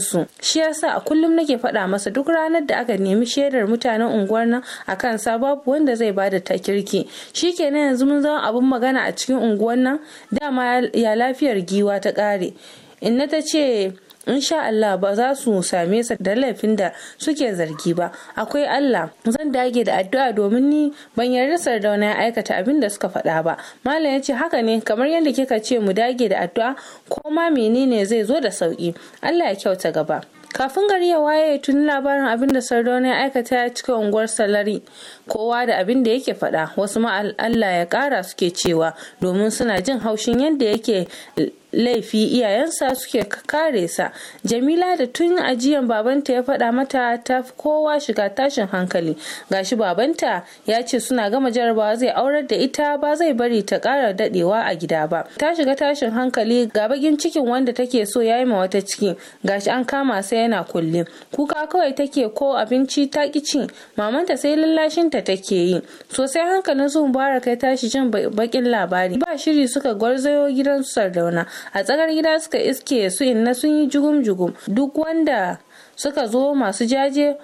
su shi yasa a kullum nake faɗa masa duk ranar da aka nemi shaidar mutanen unguwar nan a kan babu wanda zai bada ta kirki shikenan yanzu mun zama abin magana a cikin unguwar nan dama ya lafiyar giwa ta ƙare inna ta ce In sha Allah ba za su same sa da laifin da suke zargi ba akwai Allah zan dage da addu'a domin ni ban yarda Sardauna ya aikata abin da suka faɗa ba malam ya ce haka ne kamar yadda kika ce mu dage da addu'a ko ma menene zai zo da sauki Allah ya kyauta gaba kafin gari ya waye tun labarin abin da sardauna ya aikata ya cika unguwar salari kowa da abin da yake faɗa wasu ma Allah ya ƙara suke cewa domin suna jin haushin yadda yake laifi iyayensa suke kare sa jamila da tun ajiyan babanta ya faɗa mata ta kowa shiga tashin hankali gashi babanta ya ce suna gama jarabawa zai aurar da ita ba zai bari ta ƙara daɗewa a gida ba ta shiga tashin hankali ga bagin cikin wanda take so ya yi ma wata ciki, gashi an kama sa yana kulle kuka kawai take ko abinci ta ƙi ci mamanta sai lallashinta take yi sosai hankalin su mubarak ya tashi jin bakin labari ba shiri suka gwarzayo gidan sardauna a tsakar gida suka iske su inna sun yi jugum-jugum duk wanda suka zo masu jaje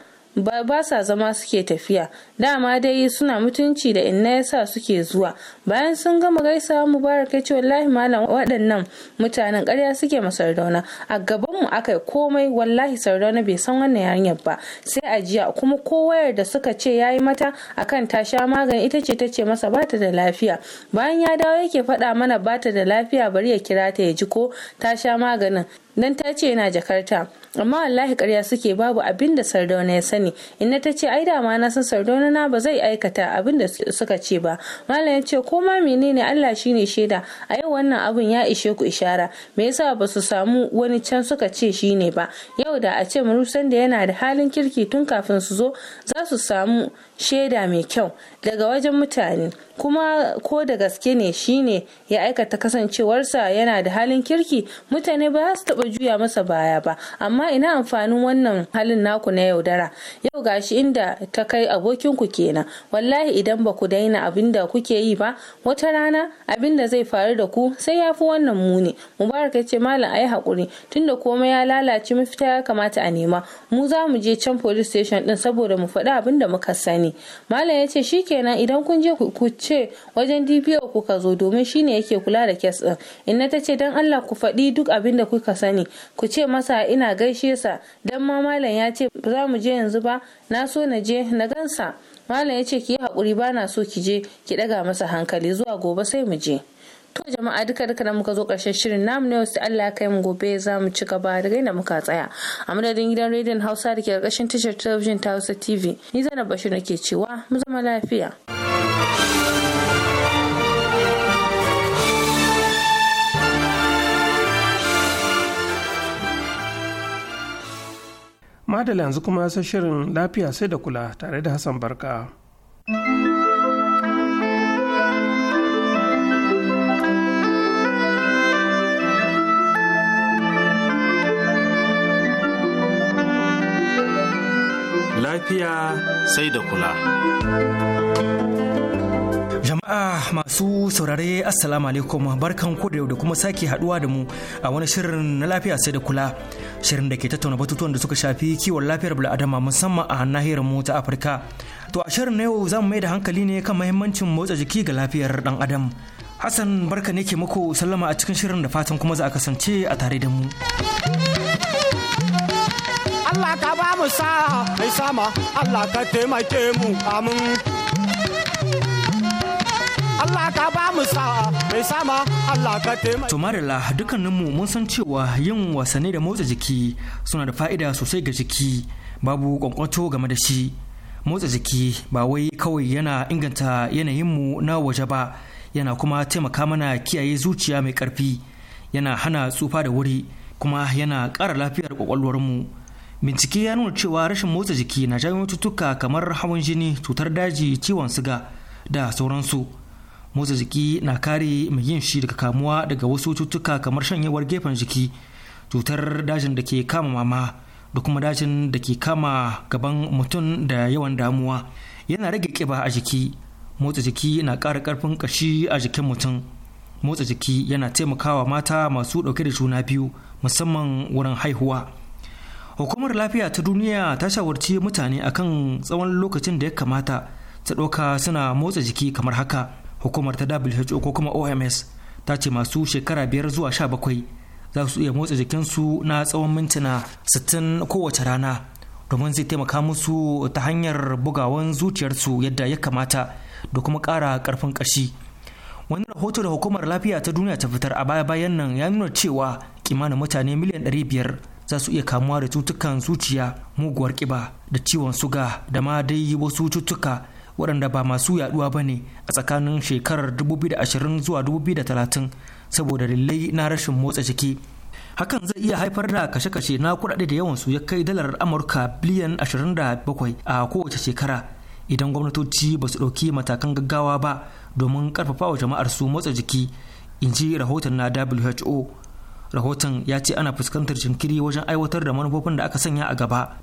ba sa zama suke tafiya dama dai suna mutunci da inna yasa suke zuwa bayan sun gama gaisawa mubarak ya ce wallahi malam waɗannan mutanen karya suke ma sardauna a gaban mu aka komai wallahi sardauna bai san wannan yarinyar ba sai a jiya kuma ko wayar da suka ce yayi mata akan ta sha magani ita ce ta ce masa bata da lafiya bayan ya dawo yake faɗa mana bata da lafiya bari ya kira ta ya ji ko ta sha maganin dan ta ce yana jakarta amma wallahi karya suke babu abinda da sardauna ya sani inna ta ce ai dama na san sardauna na ba zai aikata abin da suka ce ba malam ya ce ko ma menene Allah shine shaida a yau wannan abin ya ishe ku ishara me yasa ba su samu wani can suka ce shine ba yau da a ce murusan da yana da halin kirki tun kafin su zo za su samu shaida mai kyau daga wajen mutane kuma ko da gaske ne shine ya aikata kasancewarsa yana da halin kirki mutane ba su taba juya masa baya ba amma ina amfanin wannan halin naku na yaudara yau gashi inda ta kai abokinku kenan wallahi idan ba ku daina abin da kuke yi ba wata rana abin da zai faru da ku sai ya fi wannan muni mubarak ce malam ayi hakuri tunda komai ya lalace mafita ya kamata a nema mu za mu je can police station din saboda mu faɗi abin da muka sani ne malam ya ce shikenan idan kun je ku ce wajen dpo ku ka zo domin shine yake kula da kes din inna ta ce dan allah ku faɗi duk abin da kuka sani ku ce masa ina gaishe sa dan ma malam ya ce ba za mu je yanzu ba na so na je na gansa malam ya ce ki yi hakuri ba na so ki je ki ɗaga masa hankali zuwa gobe sai mu je. To jama'a duka duka nan muka zo ƙarshen shirin namu na yau sai Allah kai mu gobe za mu ci gaba da gaina muka tsaya. A madadin gidan rediyon Hausa da ke ƙarƙashin tashar talabijin ta Hausa TV. Ni Zainab Bashir nake cewa mu zama lafiya. Madala yanzu kuma sai shirin lafiya sai da kula tare da Hassan Barka. lafiya sai da kula. Jama'a masu saurare Assalamu alaikum barkan ku da yau da kuma sake haduwa da mu a wani shirin na lafiya sai da kula. Shirin da ke tattauna batutuwan da suka shafi kiwon lafiyar bil'adama musamman a nahiyar mu ta Afirka. To a shirin na yau za mu mai da hankali ne kan mahimmancin motsa jiki ga lafiyar dan adam. Hassan barka ne ke muku sallama a cikin shirin da fatan kuma za a kasance a tare da mu. Allah ka ba mu sa mai sama Allah ka taimake mu amin Allah ka ba mu sa'a mai sama Allah ka taimake To Marilla dukkaninmu mun san cewa yin wasanni da motsa jiki suna da fa'ida sosai ga jiki babu kwankwato game da shi. Motsa jiki ba wai kawai yana inganta yanayinmu na waje ba yana kuma taimaka mana kiyaye zuciya mai karfi yana hana tsufa da wuri kuma yana ƙara lafiyar kwakwalwarmu. mu. bincike ya nuna cewa rashin motsa jiki na janyo cututtuka kamar hawan jini cutar daji ciwon siga da sauransu motsa jiki na kare mai yin shi daga kamuwa daga wasu cututtuka kamar shanyewar gefen jiki cutar dajin da ke kama mama da kuma dajin da ke kama gaban mutum da yawan damuwa yana rage kiba a jiki motsa jiki na ƙara ƙarfin ƙashi a jikin mutum motsa jiki yana taimakawa mata masu ɗauke da juna biyu musamman wurin haihuwa hukumar lafiya ta duniya ta shawarci mutane akan tsawon lokacin da ya kamata ta ɗauka suna motsa jiki kamar haka hukumar ta who ko kuma oms ta ce masu shekara biyar zuwa sha bakwai za su iya motsa jikinsu na tsawon mintuna 60 kowace rana domin zai taimaka musu ta hanyar bugawan zuciyarsu yadda ya kamata da kuma ƙara ƙarfin ƙashi wani rahoto da hukumar lafiya ta duniya ta fitar a baya-bayan nan ya nuna cewa kimanin mutane miliyan 500 za su iya kamuwa da cutukan zuciya muguwar kiba da ciwon suga da ma dai wasu cutuka waɗanda ba masu yaɗuwa ba ne a tsakanin shekarar 2020 zuwa 2030 saboda lillai na rashin motsa jiki hakan zai iya haifar da kashe-kashe na kuɗaɗe da yawansu ya kai dalar amurka biliyan 27 a kowace shekara idan gwamnatoci ba su ɗauki matakan gaggawa ba domin ƙarfafa wa jama'ar su motsa jiki in ji rahoton na who rahoton ya ce ana fuskantar jinkiri wajen aiwatar da manufofin da aka sanya a gaba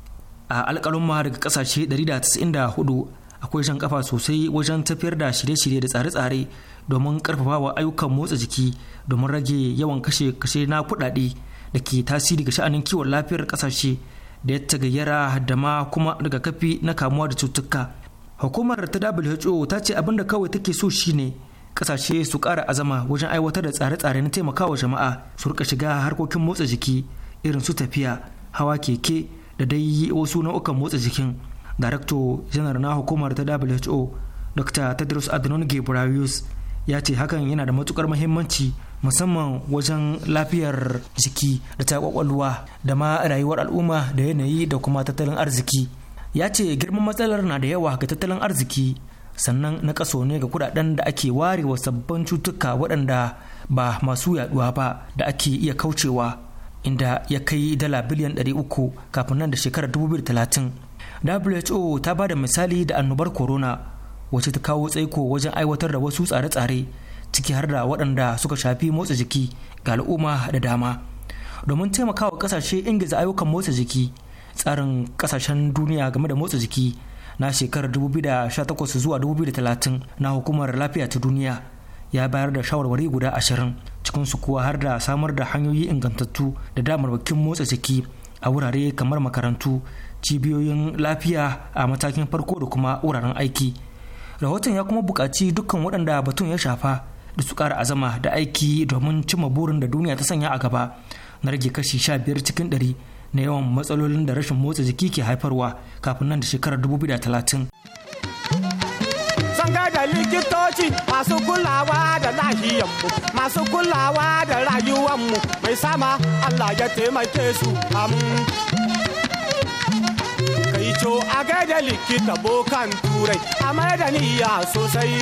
a alƙalumma daga kasashe 194 akwai shan kafa sosai wajen tafiyar da shirye-shirye da tsare-tsare domin karfafawa ayyukan motsa jiki domin rage yawan kashe-kashe na kudade da ke tasiri ga sha'anin kiwon lafiyar kasashe da ya tagayyara da ma kuma daga kafi na kamuwa da cutuka hukumar ta who ta ce abin da kawai take so shine kasashe su kara azama wajen aiwatar da tsare-tsare na taimakawa jama'a su rika shiga harkokin motsa jiki irin su tafiya hawa keke da dai wasu nau'ukan motsa jikin darakto janar na hukumar ta who dr tedros adhanom ghebreyesus ya ce hakan yana da matukar muhimmanci musamman wajen lafiyar jiki da ta kwakwalwa da ma rayuwar al'umma da yanayi da kuma tattalin arziki ya ce girman matsalar na da yawa ga tattalin arziki sannan na kaso ne ga kudaden da ake warewa sabbin cutuka waɗanda ba masu yaduwa ba da ake iya kaucewa inda ya kai dala biliyan 300 kafin nan da shekarar 2030 WHO ta ba da misali da annobar corona wacce ta kawo tsaiko wajen aiwatar da wasu tsare-tsare ciki har da waɗanda suka shafi motsa jiki ga al'umma da dama domin taimakawa ƙasashe ingiza ayyukan motsa jiki tsarin kasashen duniya game da motsa jiki na shekarar 2018 zuwa 2030 na hukumar lafiya ta duniya ya bayar da shawarwari guda ashirin cikinsu kuwa har da samar da hanyoyi ingantattu da damarwakin motsa jiki a wurare kamar makarantu cibiyoyin lafiya a matakin farko da kuma wuraren aiki rahoton ya kuma buƙaci dukkan waɗanda batun ya shafa da su ƙara azama da aiki domin cimma burin da duniya ta sanya a gaba na rage kashi sha biyar cikin ɗari na yawan matsalolin da rashin motsa jiki ke haifarwa kafin nan da shekarar 2030. Sanga da likitoci masu kulawa da lahiyanmu masu kulawa da rayuwanmu mai sama Allah ya taimake su amu. Kai co a gaida likita bokan turai a mai da niyya sosai.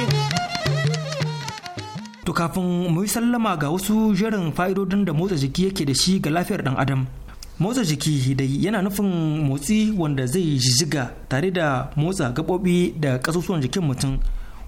To kafin mu yi sallama ga wasu jerin fa'idodin da motsa jiki yake da shi ga lafiyar ɗan adam motsa jiki dai yana nufin motsi wanda zai jijjiga tare da motsa gaɓoɓi da ƙasusuwan jikin mutum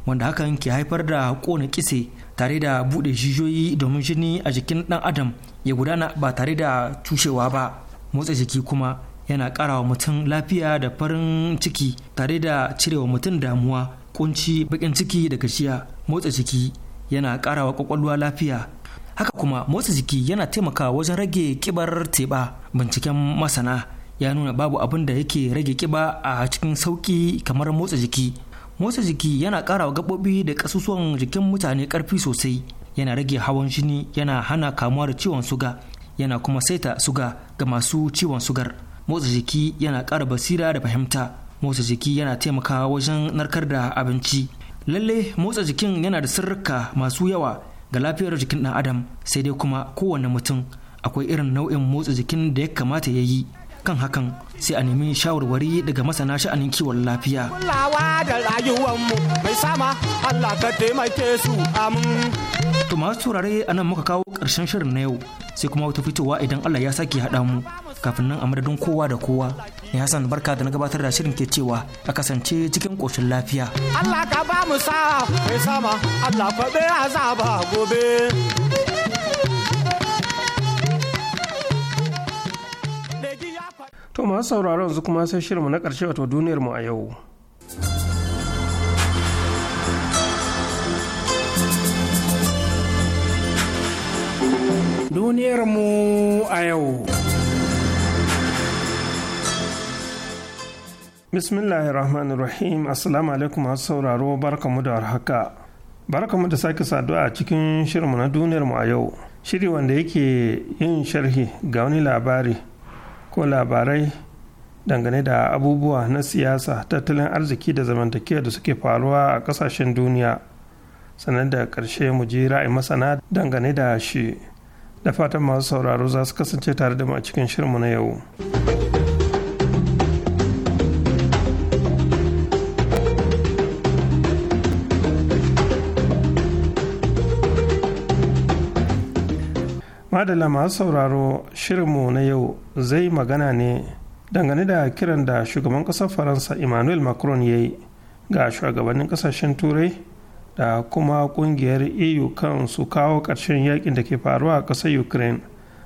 wanda hakan ke haifar da ƙona kise tare da buɗe jijiyoyi domin jini a jikin ɗan adam ya gudana ba tare da tushewa ba motsa jiki kuma yana ƙara wa mutum lafiya da farin ciki tare da cirewa mutum damuwa kunci baƙin ciki da gajiya motsa jiki yana ƙara wa ƙwaƙwalwa lafiya haka kuma motsa jiki yana taimaka wajen rage kibar teɓa binciken masana ya nuna babu abin da yake rage kiba a cikin sauki kamar motsa jiki motsa jiki yana ƙara wa gaɓoɓi da ƙasusuwan jikin mutane ƙarfi sosai yana rage hawan jini yana hana kamuwa da ciwon suga yana kuma saita suga ga masu ciwon sugar motsa jiki yana ƙara basira da fahimta motsa jiki yana taimaka wajen narkar da abinci lalle motsa jikin yana da sirrika masu yawa ga lafiyar jikin ɗan adam sai dai kuma kowane mutum akwai irin nau'in motsa jikin da ya kamata ya yi kan hakan sai a nemi shawarwari daga masana sha'anin kiwon lafiya. Kulawa da rayuwanmu mai sama Allah ka taimake su amin. To masu turare a nan muka kawo ƙarshen shirin na yau sai kuma wata fitowa idan Allah ya sake haɗa mu kafin nan a madadin kowa da kowa. Ni Hassan barka da na gabatar da shirin ke cewa a kasance cikin ƙoshin lafiya. Allah ka ba mu sa mai sama Allah kwaɓe azaba gobe. To masu sauraron yanzu kuma sai shirinmu na ƙarshe wato duniyarmu a yau. Duniyarmu a yau. Bismillahirrahmanirrahim Assalamu alaikum masu sauraro barkamu da warhaka. Barkamu da sake saduwa a cikin shirinmu na duniyarmu a yau. Shiri wanda yake yin sharhi ga wani labari ko labarai dangane da abubuwa na siyasa tattalin arziki da zamantakewa da suke faruwa a kasashen duniya sannan da karshe mu ji ra'ayi masana dangane da shi da fatan masu sauraro za su kasance tare da mu a cikin shirin mu na yau. madala masu sauraro shirinmu na yau zai magana ne dangane da kiran da shugaban kasar faransa emmanuel macron ya yi ga shugabannin kasashen turai da kuma kungiyar eu kan su kawo ƙarshen yakin da ke faruwa a ƙasar ukraine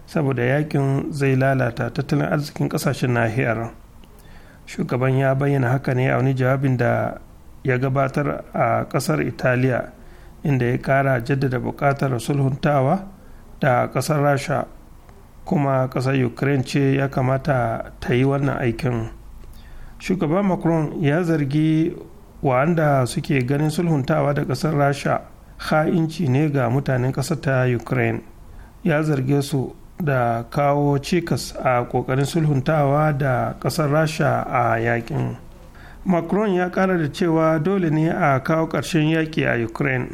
saboda yakin zai lalata tattalin arzikin kasashen nahiyar shugaban ya bayyana haka ne a wani jawabin da ya gabatar a ƙasar italiya inda ya ƙara jaddada buƙatar sulhuntawa da ƙasar rasha kuma ƙasar ukraine ce ya kamata ta yi wannan aikin shugaban macron ya zargi wa'anda suke ganin sulhuntawa da ƙasar rasha ha'inci ne ga mutanen ƙasar ta ukraine ya zarge su da kawo cikas a ƙoƙarin sulhuntawa da ƙasar rasha a yakin macron ya ƙara da cewa dole ne a kawo ƙarshen yaƙi a ukraine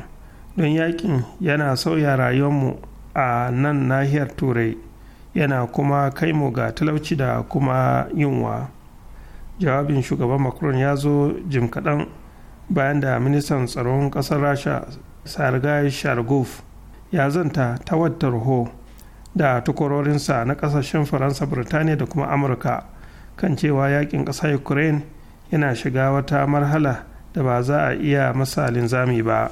don yakin yana sauya rayuwarmu a nan nahiyar turai yana kuma kai mu ga talauci da kuma yunwa jawabin shugaban macron ya zo jim kaɗan bayan da ministan tsaron ƙasar rasha sargai shargov ya zanta ta wattar ho da tukurorinsa na ƙasashen faransa birtaniya da kuma amurka kan cewa yakin ƙasa ukraine yana shiga wata marhala da ba za a iya masa linzami ba.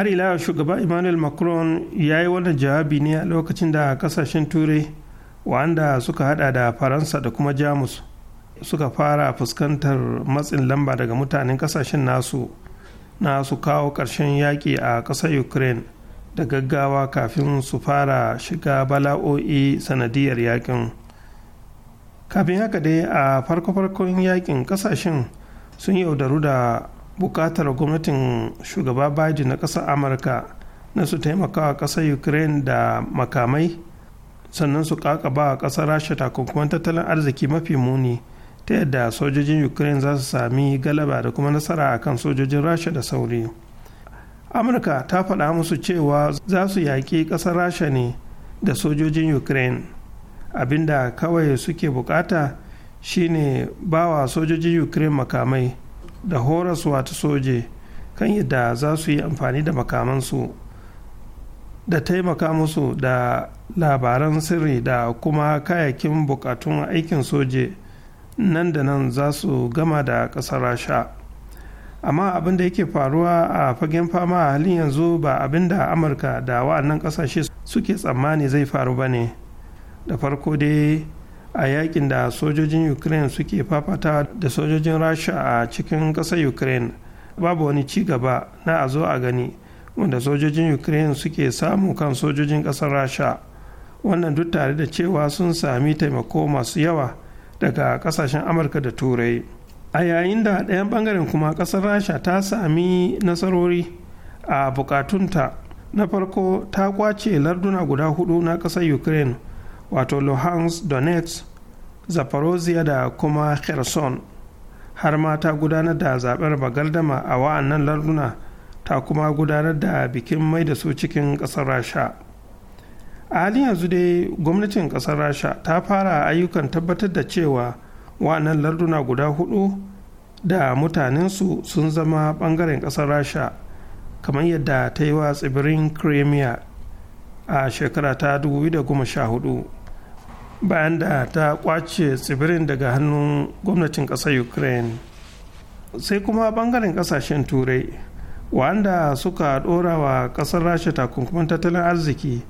har ila shugaba emmanuel macron ya yi wannan jawabi ne a lokacin da kasashen turai wanda suka hada da faransa da kuma jamus suka fara fuskantar matsin lamba daga mutanen kasashen nasu na su kawo ƙarshen yaƙi a ƙasar ukraine da gaggawa kafin su fara shiga bala'o'i sanadiyar yaƙin kafin haka dai a farko-farkon yaƙin ƙasashen sun yaudaru da bukatar gwamnatin shugaba biden na ƙasar amurka na su taimakawa ƙasar ukraine da makamai sannan su kakaba a ƙasar rasha takunkuman tattalin arziki mafi muni ta yadda sojojin ukraine za su sami galaba da kuma nasara a kan sojojin rasha da sauri amurka ta faɗa musu cewa za su yaƙi ƙasar rasha ne da sojojin ukraine abinda kawai suke bukata shine bawa sojojin ukraine makamai da horaswa ta soje kan yadda za su yi amfani da makamansu da taimaka musu da labaran sirri da kuma kayakin bukatun aikin soje nan da nan za su gama da ƙasar rasha amma abin da yake faruwa a fagen fama a halin yanzu ba abin da amurka da wa'annan ƙasashe suke tsammani zai faru ba ne da farko dai a yakin da sojojin ukraine suke fafata da sojojin rasha a cikin ƙasar ukraine babu wani ci gaba na a zo a gani wanda sojojin ukraine suke samu kan sojojin ƙasar rasha wannan duk tare da cewa sun sami taimako masu yawa daga ƙasashen amurka da turai a yayin da ɗayan bangaren kuma ƙasar rasha ta sami nasarori a bukatunta na farko ta kwace larduna guda hudu na ƙasar ukraine wato luhansk donetsk zaporozhia da kuma kherson har ma ta gudanar da zaɓen bagardama a wa'annan larduna ta kuma gudanar da bikin mai da su cikin ƙasar rasha a halin yanzu dai gwamnatin ƙasar rasha ta fara ayyukan tabbatar da cewa wa'annan larduna guda hudu da mutanensu sun zama ɓangaren ƙasar rasha kamar yadda ta yi wa tsibirin crimea a shekara ta 2014 bayan da ta kwace tsibirin daga hannun gwamnatin ƙasar ukraine sai kuma bangaren ƙasashen turai wanda suka ɗora wa ƙasar rasha takunkumin tattalin arziki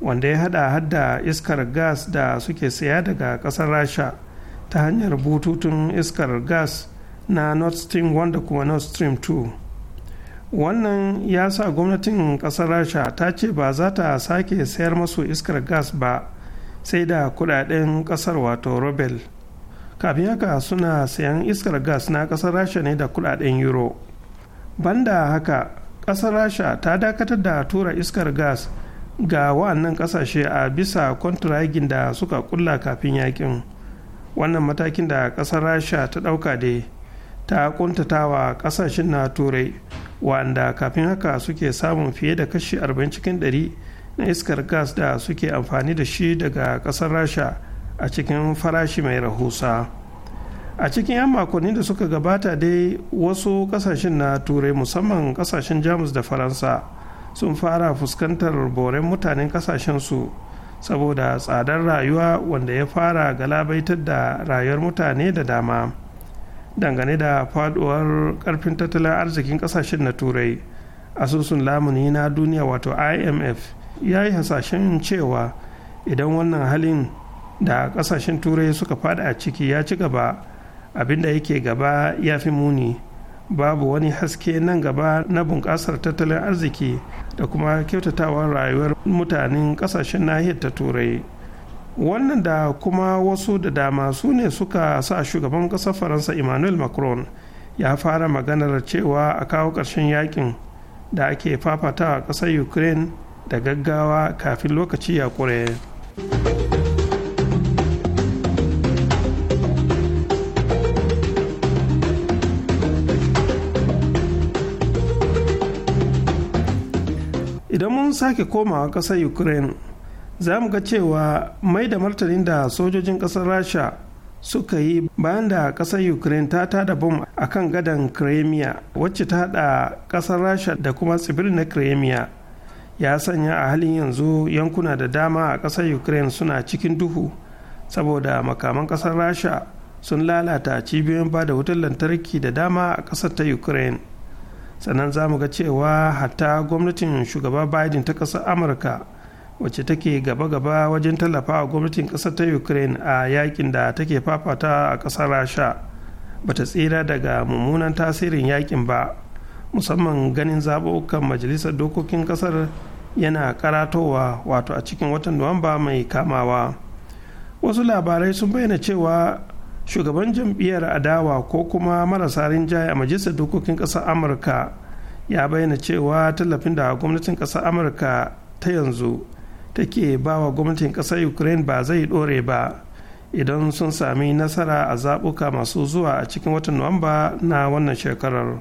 wanda ya hada hadda iskar gas da suke saya daga ƙasar rasha ta hanyar bututun iskar gas na nord stream 1 da kuma nord stream 2 wannan ya sa gwamnatin ƙasar rasha ta ce ba za ta sake sayar masu iskar gas ba sai da kudaden kasar wato robel kafin haka suna sayan iskar gas na kasar rasha ne da kudaden euro banda haka kasar rasha ta dakatar da tura iskar gas ga wa'annan kasashe a bisa kwantiragin da suka kulla kafin yakin wannan matakin da kasar rasha ta dauka da ta ƙuntatawa kasashen na turai wa'anda kafin haka suke samun fiye da kashi 40 cikin 100 na iskar gas da suke amfani da shi daga kasar rasha a cikin farashi mai rahusa a cikin 'yan makonni da suka gabata dai wasu kasashen na turai musamman kasashen jamus da faransa sun fara fuskantar boren mutanen ƙasashensu saboda tsadar rayuwa wanda ya fara galabaitar da rayuwar mutane da dama dangane da faduwar karfin tattalin arzikin kasashen na turai asusun lamuni na duniya wato imf ya yi hasashen cewa idan wannan halin da kasashen turai suka fada a ciki ya ci gaba abinda yake gaba ya fi muni babu wani haske nan gaba na bunƙasar tattalin arziki da kuma kyautatawar rayuwar mutanen kasashen nahiyar ta turai wannan da kuma wasu da dama su ne suka sa shugaban ƙasar faransa emmanuel macron ya fara maganar cewa a kawo ƙarshen yakin da ake fafatawa ƙasar ukraine da gaggawa kafin lokaci ya kure. idan mun sake komawa ƙasar ukraine za mu ga cewa mai da martanin da sojojin ƙasar rasha suka yi bayan da ƙasar ukraine ta tada bom a kan gadon crimea wacce ta haɗa ƙasar rasha da kuma tsibirin na crimea ya sanya a halin yanzu yankuna da dama a ƙasar ukraine suna cikin duhu saboda makaman ƙasar rasha sun lalata cibiyoyin ba da wutar lantarki da dama a ƙasar ta ukraine sannan za mu ga cewa hatta gwamnatin shugaba biden ta ƙasar amurka wacce take gaba-gaba wajen tallafa a gwamnatin ƙasar ta ukraine a yakin da take fafata a ƙasar rasha bata tsira daga mummunan tasirin yakin ba musamman ganin zaɓuɓɓukan majalisar dokokin ƙasar yana karatowa wato a cikin watan nuwamba mai kamawa wasu labarai sun bayyana cewa shugaban jam'iyyar adawa ko kuma marasa rinjaye a majalisar dokokin ƙasar amurka ya bayyana cewa tallafin da gwamnatin ƙasar amurka ta yanzu take ba wa gwamnatin ƙasar ukraine ba zai ɗore ba idan sun sami nasara a zaɓuka masu zuwa a cikin watan nuwamba na wannan shekarar.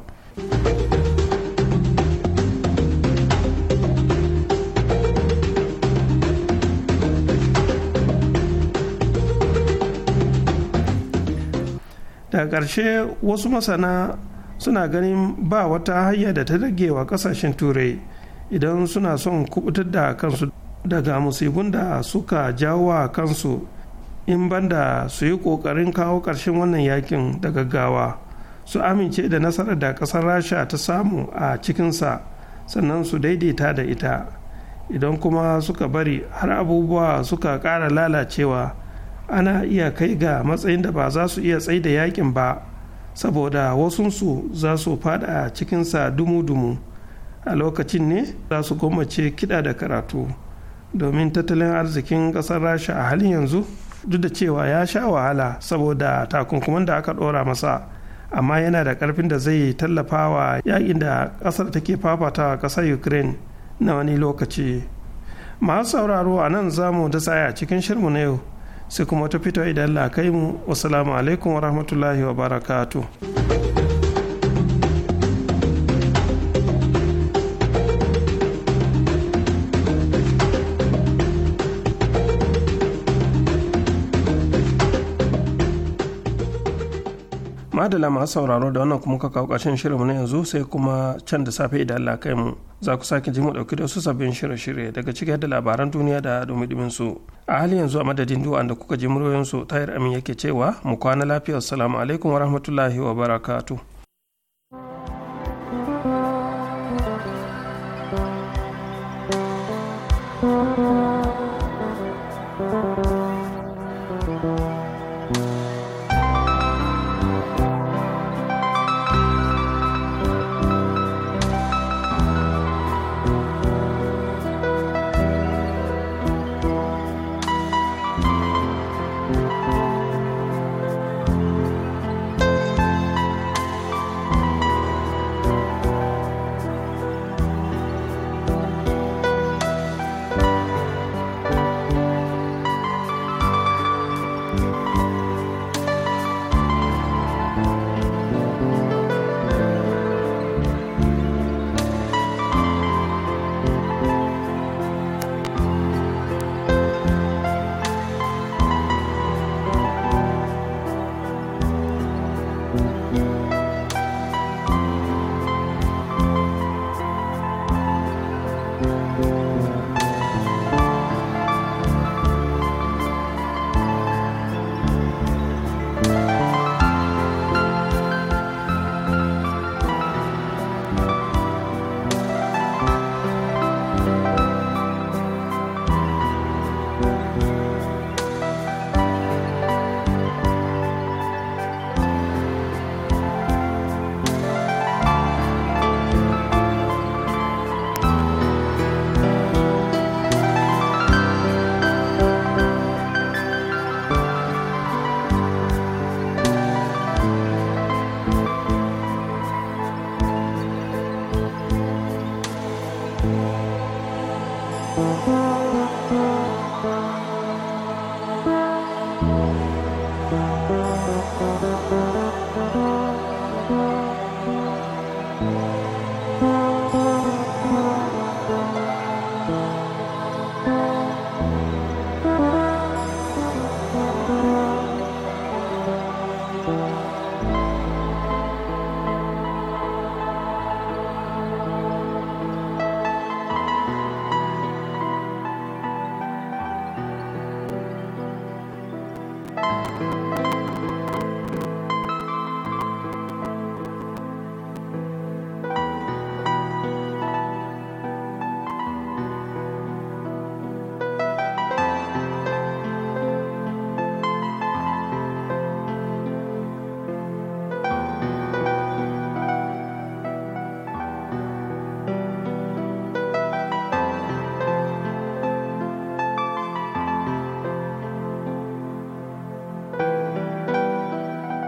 daga ƙarshe wasu masana suna ganin ba wata hanya da ta rage wa ƙasashen turai idan suna son kubutar da kansu daga musibin da suka jawo wa kansu in banda su yi ƙoƙarin kawo ƙarshen wannan yakin da gaggawa su amince da nasarar da ƙasar rasha ta samu a cikinsa sannan su daidaita da ita idan kuma suka bari har abubuwa suka ƙara lalacewa ana iya kai ga matsayin da ba za su iya tsaye da yakin ba saboda wasunsu za su fada cikinsa dumu-dumu a lokacin ne za su gwammace kiɗa da karatu domin tattalin arzikin ƙasar rasha a halin yanzu duk da cewa ya sha wahala saboda takunkuman da aka ɗora masa amma yana da ƙarfin da zai tallafa wa yakin da ƙasar take fafata ƙasar ukraine na wani lokaci masu sauraro a nan zamu da tsaya cikin shirmu na yau sai kuma ta fito idan la kai mu wasu alaikum wa rahmatullahi wa barakatuh madala masu sauraro da wannan kuma ka kawo ƙarshen shirinmu na yanzu sai kuma can da safe idan Allah kai mu za ku sake ji mu ɗauki da wasu sabbin shirye-shirye daga ciki da labaran duniya da dumi su a hali yanzu a madadin duwa da kuka ji muryoyin su tayar amin yake cewa mu kwana lafiya assalamu alaikum wa rahmatullahi wa barakatuh